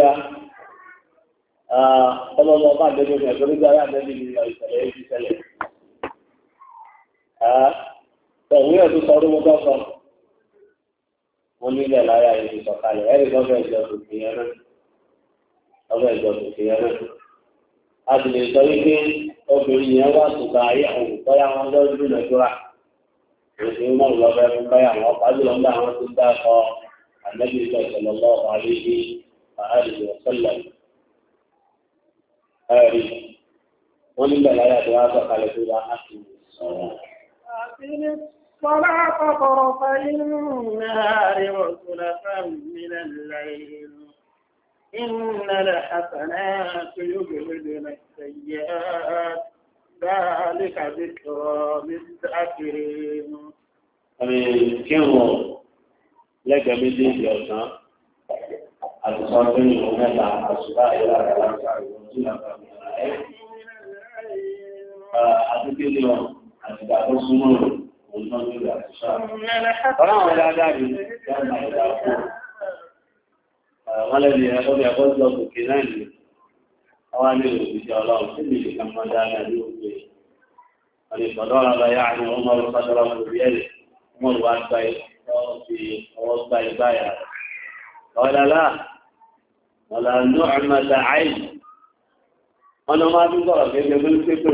ọlọ́run ọba àdébí ní ẹ̀gbẹ́ nígbà yá àdébí ní ìṣẹ̀lẹ̀ ìṣẹ̀lẹ̀ ẹ́ ẹ̀wúrẹ́ tó sọ ọdún mọ́tò sọ̀rọ̀ wọ́n nílẹ̀ lára ìlú sọ̀kalẹ̀ ẹ̀rí lọ́dọ̀ ìjọ tòkè yẹn náà lọ́dọ̀ ìjọ tòkè yẹn náà. a sì lè sọ wípé obìnrin yẹn wà tùkà ayé àwọn bọ́yá wọn lọ́dún dúnà jọra èsì mọ́ lọ́fẹ́ fún báyà wọn pàdé lọ́n bá àwọn tó ń dákọ ànábì sọ ìṣẹ̀lẹ̀ lọ́wọ́ àlejò àhàlì ọ̀sẹ̀lẹ̀. ẹ̀rí wọ́n nílẹ̀ lára ìjọ ولا طرفي النهار وزلفا من الليل إن الحسنات يذهبن السيئات ذلك ذكرى للذاكرين àmì kírun lẹ́gbẹ̀ẹ́ méjèèjì ọ̀sán àtúnṣe tó ní ìlú mẹ́ta àṣùbá ìlú àgbàlagbà ìwọ̀n tí nàbà mi rà ẹ́. àti kéde wọn àtìgbà Ọlọ́run dáadáa rí wọ́n lẹ́nu ẹ̀kọ́ bí ẹ̀kọ́ lọ gòkè náà ni ọwá ní òṣìṣẹ́ ọlọ́run tí mi lè kàn mọ́ dáadáa ní òkè ọ̀lẹ́ ìfọ̀dọ́ ọ̀rọ̀ lọ yá ni wọ́n mọ́ lọ́pàá tọ́lá kò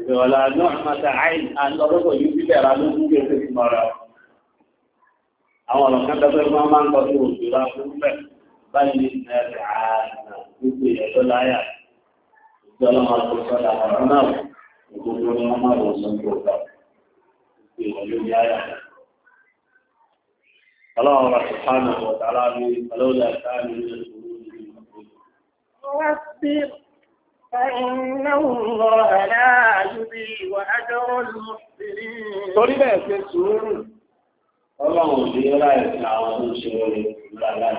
ìrọ̀lá náà mọ́ta àìn àtọ́lọ́pọ̀ yìí sí bẹ̀rẹ̀ lójú kéèké sí mọ́ra àwọn ọ̀rọ̀ kan dábẹ́ máa máa ń kọ́ sí òṣèlú afúnfẹ́ báyìí ní ẹ̀rẹ̀ ààrẹ gbogbo ẹ̀tọ́ láyà ìjọba máa tó sọ́dà ọ̀rọ̀ náà gbogbo ní wọ́n máa wọ̀ sọ́dọ̀ ọ̀gá ìwọ̀lú ní àyà ọlọ́run rà sùpánà ọ̀tàlá ní ọlọ́run Torí bẹ́ẹ̀ ṣe sùúrù, ọlọ́run ò lè láì sí àwọn tó ṣe orí ìgbà láì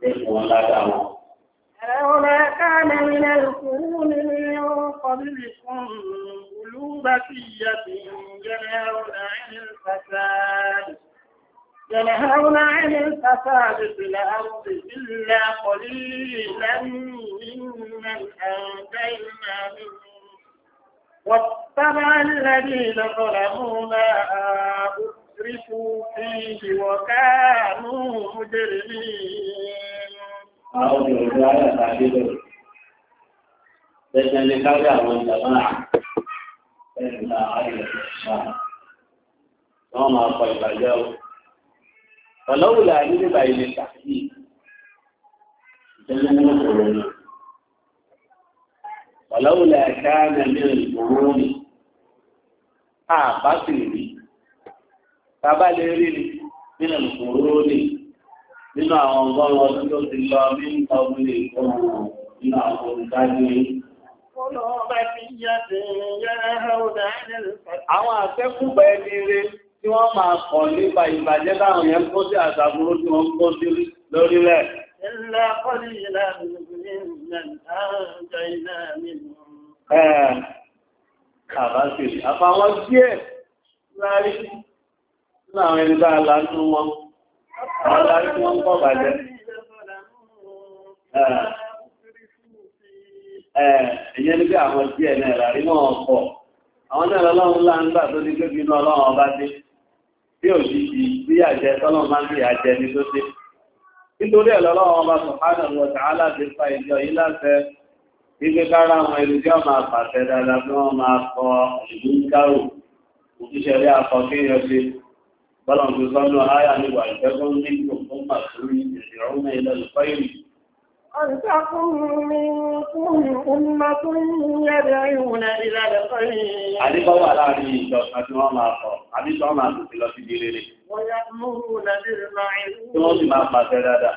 lẹ́kùn wọn ládà wọn. Ẹ̀rọ̀lá káàmì ilẹ̀ ìkúrú ní ọkọ̀bílì fún olúbá sí ìyàtì ìjẹ́ ينهون عن الفساد في الأرض إلا قليلا ممن أنجيناهم واتبع الذين ظلموا ما أسرفوا فيه وكانوا مجرمين. أعوذ بالله من الشيطان لكن لكذا والجماعة إلا وما ọlọ́wùlà nígbà ilé tàbí ìjọba ní òkòrò náà ọlọ́wùlà káàdà ní ìgbòho ni àbá sì rí bàbá lè rí ni nínú ìgbòho ni nínú àwọn ọgọ́rùn ọdún tó ti lọ ní ọdún lè kọ́ nínú àwọn Àwọn àfẹ́kùnbẹ̀ ni rẹ̀ tí wọ́n máa kọ̀ nípa ìbàjẹ́ táwọn yẹn kó sí àṣàbúrú tí wọ́n kó sí lórílẹ̀. Ilé akọ́lé ìlà Àfàwọn díẹ̀ láàrin láàrin ẹni bá lánú wọn, àwọn láàrin wọn Ẹ̀yẹ́ ní bí àwọn díẹ̀ náà láàrin wọn kọ̀, àwọn náà lọ́lọ́run láàrin tó ní pé bí inú ọlọ́run ọba dé tí ò ní ṣe sí àjẹ tọ́lọ̀ máa ń rí àjẹ ní tó ṣe. Nítorí ẹ̀ lọ́lọ́wọ́ ọba Sùhánà lọ sàálà ti fa ìjọ yìí láṣẹ gbígbé kára àwọn ẹni tí wọ́n máa pàṣẹ dáadáa tí wọ́n máa kọ ìlú ń kárò. أن تكون منكم أمة يدعون إلى الخير àdíkọ́ wà láàrin ìjọ àti wọ́n máa sọ àdíkọ́ máa tètè lọ sí ilé rẹ̀. tí wọ́n sì máa pàṣẹ dáadáa.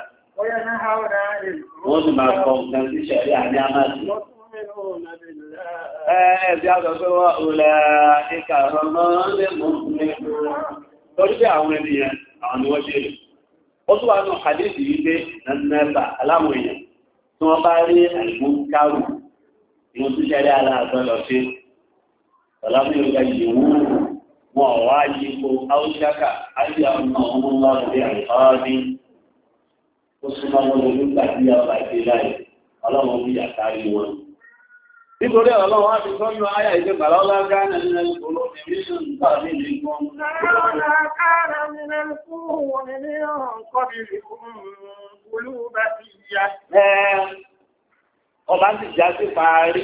wọ́n sì máa kọ nǹkan sí ṣẹ̀rí àní àmàlì. ẹ̀ẹ́dì àgbà pé wọ́n òlẹ̀ ìkà ọmọ lè mú mi. torí pé àwọn ènìyàn àwọn ni wọ́n ṣe. ó tún wà nù àdéhùn yìí pé nàìjíríà aláwọ̀ èèyàn tí wọ́n bá rí àìmúkárù ìwọ tó ṣẹlẹ̀ aláàtọ́lọ sí ọ̀làbí ọ̀gá ìyẹ̀wò wọn wá yípo áúṣákà àti àwọn ọmọ ọmọdé àìkọ́ọ́dí ó súnmọ́ wọn lórí gbàdúrà bàjẹ́ láì ọlọ́run bí àtàrí wọn. Nítorí ọ̀rọ̀ lọ́wọ́ wá fi sọ́yún ayà ìgbé bàrá ọlá gánà nínú ìgbòrò ìrìnà nígbà mí ní ìgbọ́n. Láàrá kára nínú ìkúrò nínú ìrànkọ́bìnrin fún olúbà ti yá. Ọba ti já sí parí,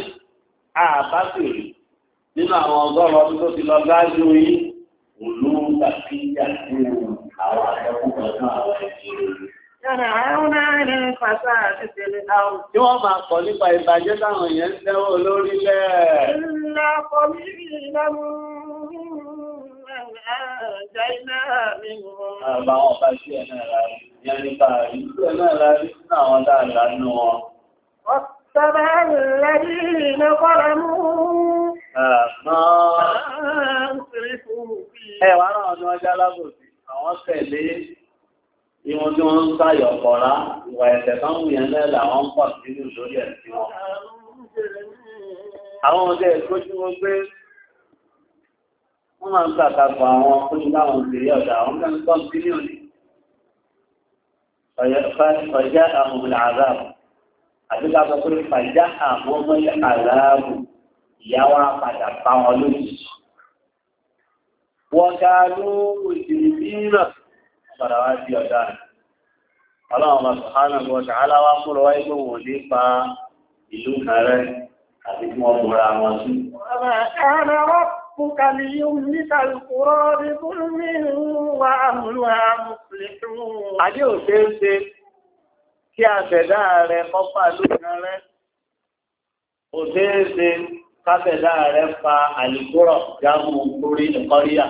àbá nínú àwọn ọgọ́rọ̀ tó ti lọ gáájú Ẹ̀rọ ní fàṣà àti tẹ̀lé àwọn. Tí wọ́n máa kọ̀ nípa ìbàjẹ́ táwọn èèyàn ń tẹ́wọ́ lórí lẹ̀. Ìlà kọ̀ mí ìlànà àjá iná mi mọ̀. Àbá wọn bá sí ẹ̀ náà lárí. Ìyẹn nípa ìlú ẹ̀ náà lárí sínú àwọn dáadáa nù wọn. Ọ̀tọ́bá lẹ́yìn lọ́kọ́ra mú. Àmọ́. Ẹ wàá rán ọdún ọjà lábòsí, àwọn tẹ̀lé
ìwọ̀n tí wọ́n ń sáyọ̀ kọ̀ọ̀rá ìwà ẹ̀ṣẹ̀ kan wù yẹn náà làwọn ń pọ̀
sínú lórí ẹ̀sìn wọn. àwọn ọdẹ ẹ̀kọ́ tí wọ́n gbé wọ́n máa ń gbàgbàgbọ́ àwọn ọkùnrin láwọn ìgbèrè ọ̀dà àwọn mẹ́ńtọ́ bílíọ̀n ní ọjà àwọn ìlàzáàbù àti ká sọ pé fàjá àwọn ọmọ ìlàzáàbù ìyá wa padà bá wọn lójijì. wọ́n ga ló wòjì nínú padà wá sí ọ̀dá rẹ̀. Ọlọ́run ọmọ Sùhánà lọ ṣàhálà wá múrọ̀ wáyé pé wọ́n lè pa ìlú kan rẹ̀ àti kí wọ́n bọ̀ra wọn sí. Adé ò ṣe ń ṣe kí a ṣẹ̀dá rẹ̀ kọ́pá lókan rẹ̀. Ò ṣe ń ṣe káṣẹ̀dá rẹ̀ pa àlùkúrọ̀ jámù orí ìkọ́ríyà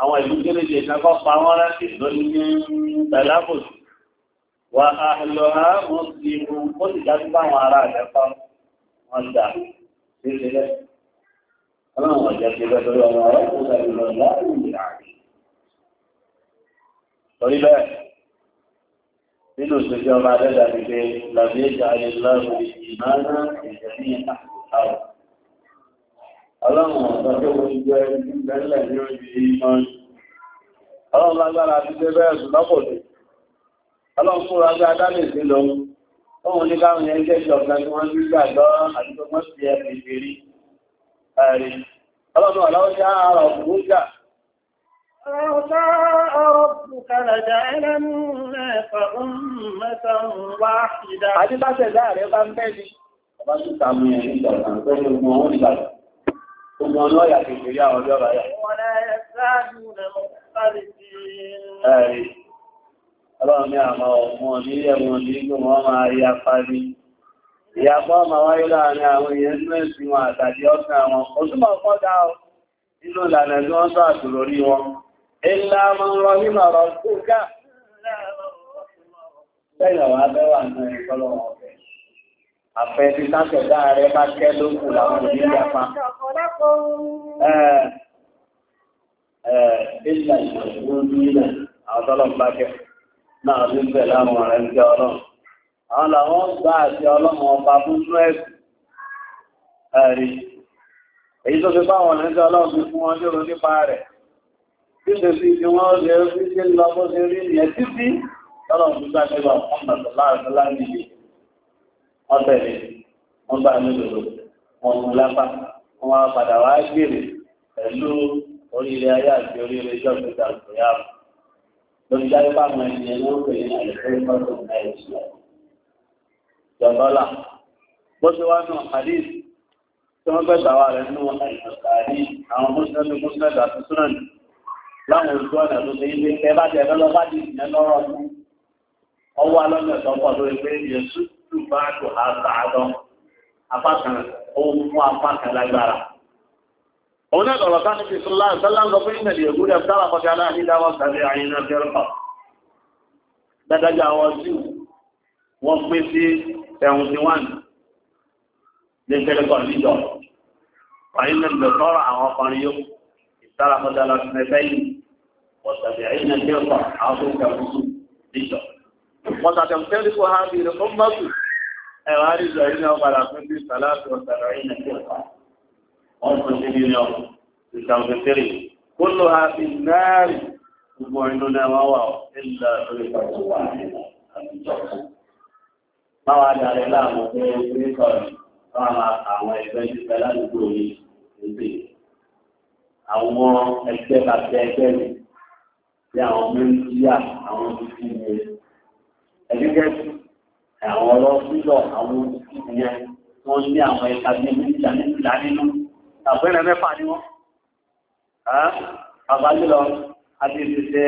àwọn ìlú kéréje ìtàkọ́ pa wọ́n rántí lórí ní pẹ̀lábòsì wà àlọ́ha wọ́n ti mú ó sì dájú báwọn ará àjẹ́pá wọ́n dà sílẹ̀ lẹ́ ọlọ́run ọ̀jẹ́ ti bẹ́ torí ọmọ ọ̀rọ̀ kó sẹ́yìn lọ láàrin ìrìn àárín ọlọ́run ọ̀tọ́ tó wọ́n jẹ́ ìgbẹ́lẹ̀ ní orí ìmọ̀ni ọlọ́run lágbára ti dé bẹ́ẹ̀ sùn lọ́pọ̀dé ọlọ́run fúnra gbé adálè sí lọ tóun ní káwọn yẹn jẹ́ ìjọba tí wọ́n gbígbà lọ àti tó wọ́n ti ẹ̀fì ọlọ́run ọ̀lọ́run jẹ́ àárọ̀ òkúńjà Ọ̀rọ̀ta ọ̀rọ̀bùkà lẹ̀dà ẹlẹ́mùnẹ̀ fẹ̀rún mẹ́sàn-án wá ìdá. Adébáṣẹ̀dá rẹ̀ bá ń bẹ́ẹ̀ ni. Ọba tó ta mú ẹ̀ nígbà kan tó gbogbo wọn Ọmọ ọlọ́yà kèfè yá ọjọ́ ráyà. Ẹ̀rí. Ọlọ́run ní àmà ọmọ ní ẹ̀wọ̀n ní ya parí. Ìyàpọ̀ ọmọ wáyé láàrin àwọn èèyàn tí wọ́n sì wọn àtàdé ọ̀sán àwọn. Ó túnmọ̀ kọ́ dá ọ. Inú ìlànà tí wọ́n sọ àtùrò rí wọn. Ilá máa ń rọ nínú ọ̀rọ̀ kúkà. Bẹ́ẹ̀ lọ́wọ́ abẹ́wà náà ìfọ́lọ́wọ́ àfẹ́sí sáṣẹ̀dá rẹ bá kẹ́ lókù láwọn onílé apá. Ìṣà ìṣòro ní ilẹ̀ àwọn tọ́lọ̀m bá kẹ́ náà ní pẹ̀lú àwọn ọ̀rẹ́ ń jẹ́ ọlọ́run. Àwọn làwọn gbá àti ọlọ́run ọba fún Súẹ́sì. Ẹ̀rí. Èyí tó fi báwọn ọ̀rẹ́ fún wọn lérò nípa rẹ̀. Bí ṣe fi fi wọ́n lè rí sí lọ bó ṣe rí ìyẹn títí tọ́lọ̀m gbígbà nígbà fún Màtàlá àti Láńdìdì wọ́n tẹ̀lé wọ́n bá mi lòlò wọ́n mú lápá wọ́n wá padà wá gbèrè pẹ̀lú oríire ayé àti oríire jọ́ọ̀bù ìdàgbòyà lórí jáde fáwọn ènìyàn ló ń pè ní àlùfẹ́ ìfọ́tò nàìjíríà jọ̀bọ́là bó ṣe wá nù hadith tí wọ́n fẹ́ tàwa rẹ̀ nù àìsàkàrí àwọn mùsùlùmí mùsùlùmí àti súnàní láwọn ojú ọ̀nà tó ṣe ilé ẹ bá jẹ́ lọ́lọ́ bá di ìyẹn lọ́rọ̀ ọwọ́ alọ́nà ìbáṣọ àbáàdọ́ apákan ohun fún apákan lágbára. òun náà lọ̀rọ̀ sáà níbi sọ́lá sọ́lá ń lọ fún ìmẹ̀lẹ̀ ìgbúdẹ̀ sára kọjá aláàrin dáwọ́ sàbí àyínà bẹ́rọ̀ dádájá àwọn jù wọ́n pé sí ẹ̀hùn tí wọ́n lè tẹ́lẹ̀ kọ̀ níjọ àyínà bẹ̀tọ́rọ̀ àwọn ọkùnrin yóò sára kọjá aláàrin mẹ́fẹ́yìn wọ̀sàbí àyínà bẹ́rọ̀ àwọn tó kẹ́ Wọ́n tàbí ọ̀fẹ́ rí kó ha bí rẹ̀ ẹ̀wà àríjọ ilé ọgbàrà fún bí sàlátì ọ̀sàrà ilẹ̀ kẹfà wọ́n fún sí nílé ọmọ ìṣàǹfẹ̀tẹ̀rì kó ló ha fi náàrí gbogbo inú náà wọ́n wà ó ilẹ̀ orí àwọn ẹgbẹ́ jíjẹ ládùúgbò yìí lóde àwọn ẹgbẹ́ bàtẹ ẹgbẹ́ àwọn mẹ́rin yíyà àwọn tuntun yẹn àwọn ọ̀rọ̀ sílọ̀ àwọn ìyẹn wọ́n ní àwọn ẹ̀ka bí mílíà nílùú nínú àpẹẹrẹ mẹ́fà ni wọ́n. bàbá lílọ àti ìṣe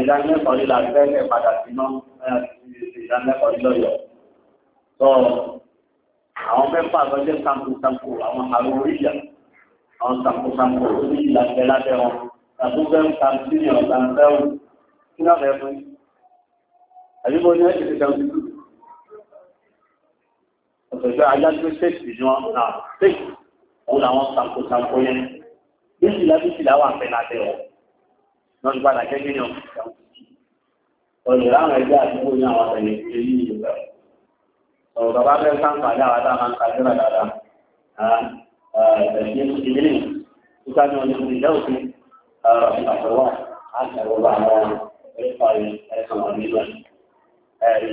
ìdánilẹ́kọ̀ọ́ pẹ̀lú ajájú ṣèṣì ni wọ́n ta ṣèṣì làwọn ṣàkóṣàkó yẹn méjì lábísì láwọn àpẹ lábẹ́ ọ̀ lọ́n gbàdá kẹ́kẹ́ ní ọ̀sán ọ̀lẹ̀ láwọn ẹgbẹ́ àdúgbò ní àwọn àtẹ̀yẹ ti yí ìgbà ọ̀rọ̀ bàbá fẹ́ sáǹpà ní àwọn àtàwọn àǹkà jẹ́rà dáadáa ẹ̀ẹ́dẹ̀ẹ́dẹ́ ìbílẹ̀ nígbà ní ọdún ìjẹ́ òfin àtẹ̀wọ́ àtẹ̀wọ́ àwọn ẹ̀fọ́ ẹ̀sán ọ̀nìyàn ẹ̀rí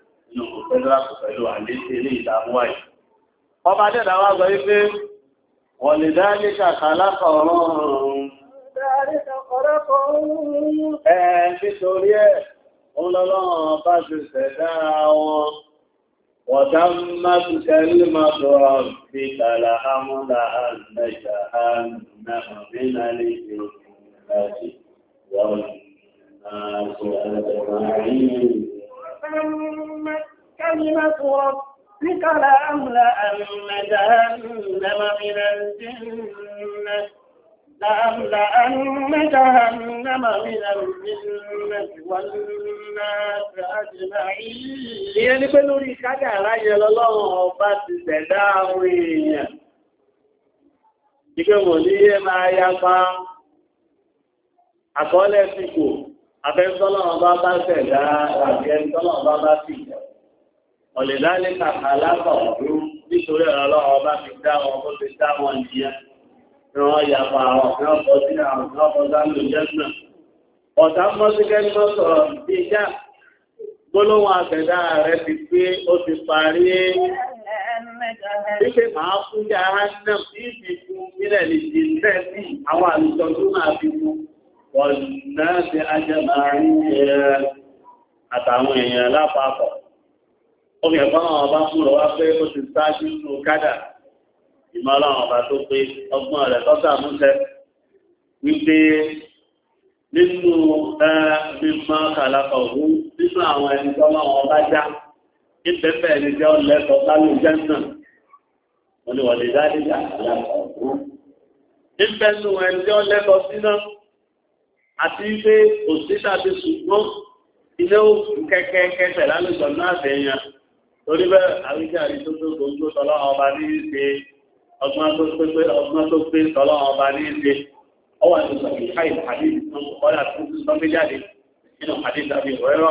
nínú kòtẹ́gíráàfù pẹ̀lú àlékè ní ìdààmú àyè. ọba dẹ́dà wá gbọ́ wípé wọ́n lè dá ní kàkà lákọ̀ọ́rọ́ ẹ̀ nítorí ẹ̀ ọlọ́lọ́run bá ti ṣẹ̀dá wọn wọ̀dá má ti tẹ́lẹ̀ má tó ọ̀fẹ́ kàlà ámúlà àmẹ́jà àmẹ́mẹ́nà lè ṣe ìrìnàjò wọ́n náà ṣe àjọ̀mọ́ àyíyìn وتمت كلمة ربك لأملأن جهنم من الجنة لأملأن جهنم من الجنة والناس أجمعين. ìyẹn ni pé lórí kádàrá yẹn lọ́lọ́run ọba ti ṣẹ̀dá àwọn èèyàn. ìgbẹ́ wò ní yé máa yapa àkọọ́lẹ̀ fipò afẹ́sọ́lọ́wọ́ bá bá tẹ̀dá àti ẹnitọ́lọ́wọ́ bá bá sì jẹ́. ọ̀lẹ́dálé kàkà lápá òdú nítorí ọ̀lọ́wọ́ bá fi dá wọn bó ti dá wọn nìyẹn. ni wọ́n yà pa àwọn ọ̀fẹ́ ọkọ̀ sí àwọn ọkọ̀ sánú jẹ́sìnà. ọ̀tá mọ́síkẹ́ ní wọ́n sọ̀rọ̀ sí ìjà gbólóhùn àtẹ̀dá rẹ̀ ti pé ó ti parí. Ṣé màá fún yàrá náà bí ìfìkú nílẹ̀ lè ṣe sí àwọn àlùjọ tó máa fi fún wọ̀lùnáàbí ajẹ́màárí àtàwọn èèyàn lápapọ̀. ó fi ẹ̀kọ́ náà bá múrọ̀ wá pé ó ti sáájú nínú kádà ìmọ̀láwọn ọba tó pé ọgbọ́n rẹ̀ tọ́ta múṣẹ́ wípé nínú mímọ́ kàlàkọ̀ òun nínú àwọn ẹni tó láwọn ọba já ìpẹ́pẹ́ ẹni jẹ́ ọlẹ́tọ̀ lálẹ́ jẹ́ náà wọ́n ni kàlàkọ̀ òun ìpẹ́nu ẹni jẹ́ ọlẹ́tọ̀ sí àti pé òṣìṣà ti ṣùgbọ́n ilé òkú kẹ́kẹ́ kẹsẹ̀ lálùjọ náà fẹ̀yàn torí bẹ́ẹ̀ àríjáàrí tó tó tó tó tọ́lọ́ ọba ní ṣe ọgbọ́n tó pé tọ́lọ́ ọba ní ṣe ọwà tó sọ kí káyì pàdé ọ̀rẹ́ àti tó tó jáde nínú pàdé tàbí ìwẹ́rọ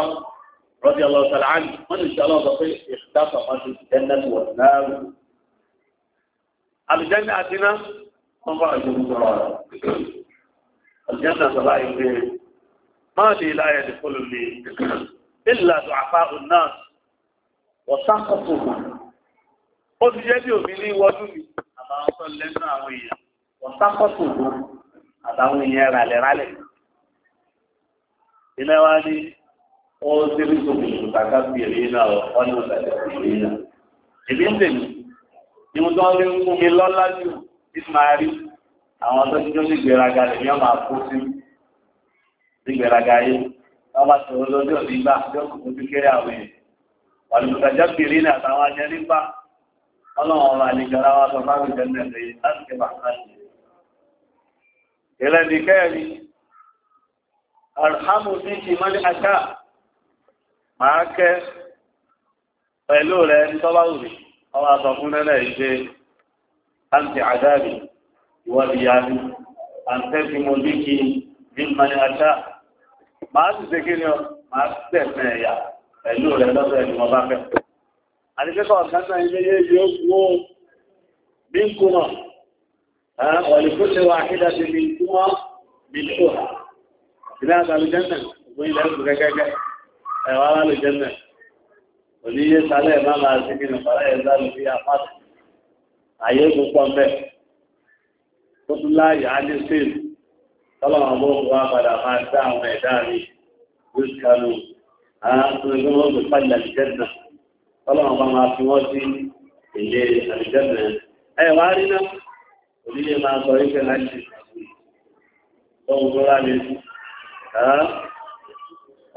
rọ́bì ọlọ́ọ̀tàlá àmì wọ́n ti ṣe ìjọba sọ̀rọ̀ ìgbé máa lè láyẹ̀ lè fọ́lù lè ìlà tó àfá ònà wọ̀sákọ̀tò ó ti jẹ́ bí òmí ní wọ́dún mi àbáwọn tó lẹ́nu àwọn èèyàn wọ̀sákọ̀tò àbáwọn èèyàn ralẹ̀ ralẹ̀ iná wá ní ó ti rí tó bìí bàtà bìrì ní ọ̀sẹ̀ bìrì náà ń àwọn tó ti tó ní gbèraga lè yọ́ máa kó sí ní gbèraga yìí wọ́n bá sọ̀rọ̀ lójú òní gbà yóò kò tó kéré àwọn èèyàn wàlùkàjọ́ kiri ní àtàwọn ajẹ́ nípa ọlọ́run ọmọ àlejòra wa sọ fáwọn ìjọ náà lè láti ké bàtà sí i. ìlẹ́ni kẹ́ẹ̀ni alhamu ti ti mọ́ ní aṣá máa ìwọ́dìyàní àǹtẹ́sí mo ní kí ní mani aṣá máa sì ṣekí ni ọ máa tẹ̀sẹ̀ ẹ̀yà pẹ̀lú rẹ̀ lọ́sọ̀ ẹni wọn bá fẹ́ àdìsẹ́kọ̀ ọ̀gáńtà ilé yóò wó bí ń kúnà ọ̀lẹ́kọ́ṣẹ́ wa àkídà ti fi túmọ̀ bí tó ilé àgbàlú jẹ́nà ògbó ilẹ̀ ẹ̀kú gẹ́gẹ́gẹ́ ẹ̀wà aláàlú jẹ́nà ẹ̀ tó tún láàyè alẹ́sẹ̀lù tọ́lọ́wọ́n bó wá padà máa dá àwọn ẹ̀dá mi ló ti àwọn ẹgbẹ́ wọn lè pàdé sọ ìfẹ́ láti tóun tó ráre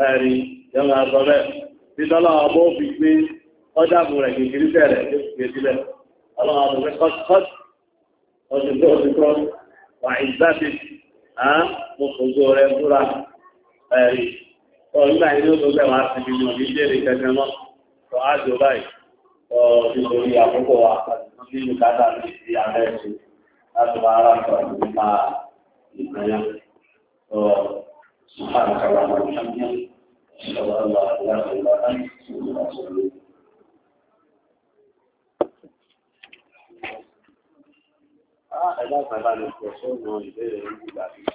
ẹ̀rí yóò máa sọ bẹ́ẹ̀ tí tọ́lọ́wọ́n bó fi gbé ọjà bù rẹ̀ kékeré bẹ̀rẹ̀ ló fi gbé sílẹ̀ ọlọ́wọ́n bó fi kọ́sí. ọ̀ṣùgbọ́ ọ̀ṣùgbọ́ wà ìgbàdì á mo fòjò rẹ̀ búra ẹ̀rí ọ̀gbà inú tó bẹ̀ wá sí mi ní ìjẹ́rì kẹfẹ́ mọ́ tó á jọ báyìí ọ̀ nítorí àkókò wa àti nínú kátà ní ti ààrẹ ṣe láti wá ara sọ nípa ìgbàyà ọ̀ سبحانك اللهم وبحمدك اشهد ان لا اله الا انت استغفرك واتوب اليك ẹ̀dá ìpàdánù ìfẹ̀sọ́nù ìbéèrè ìgbà bíi.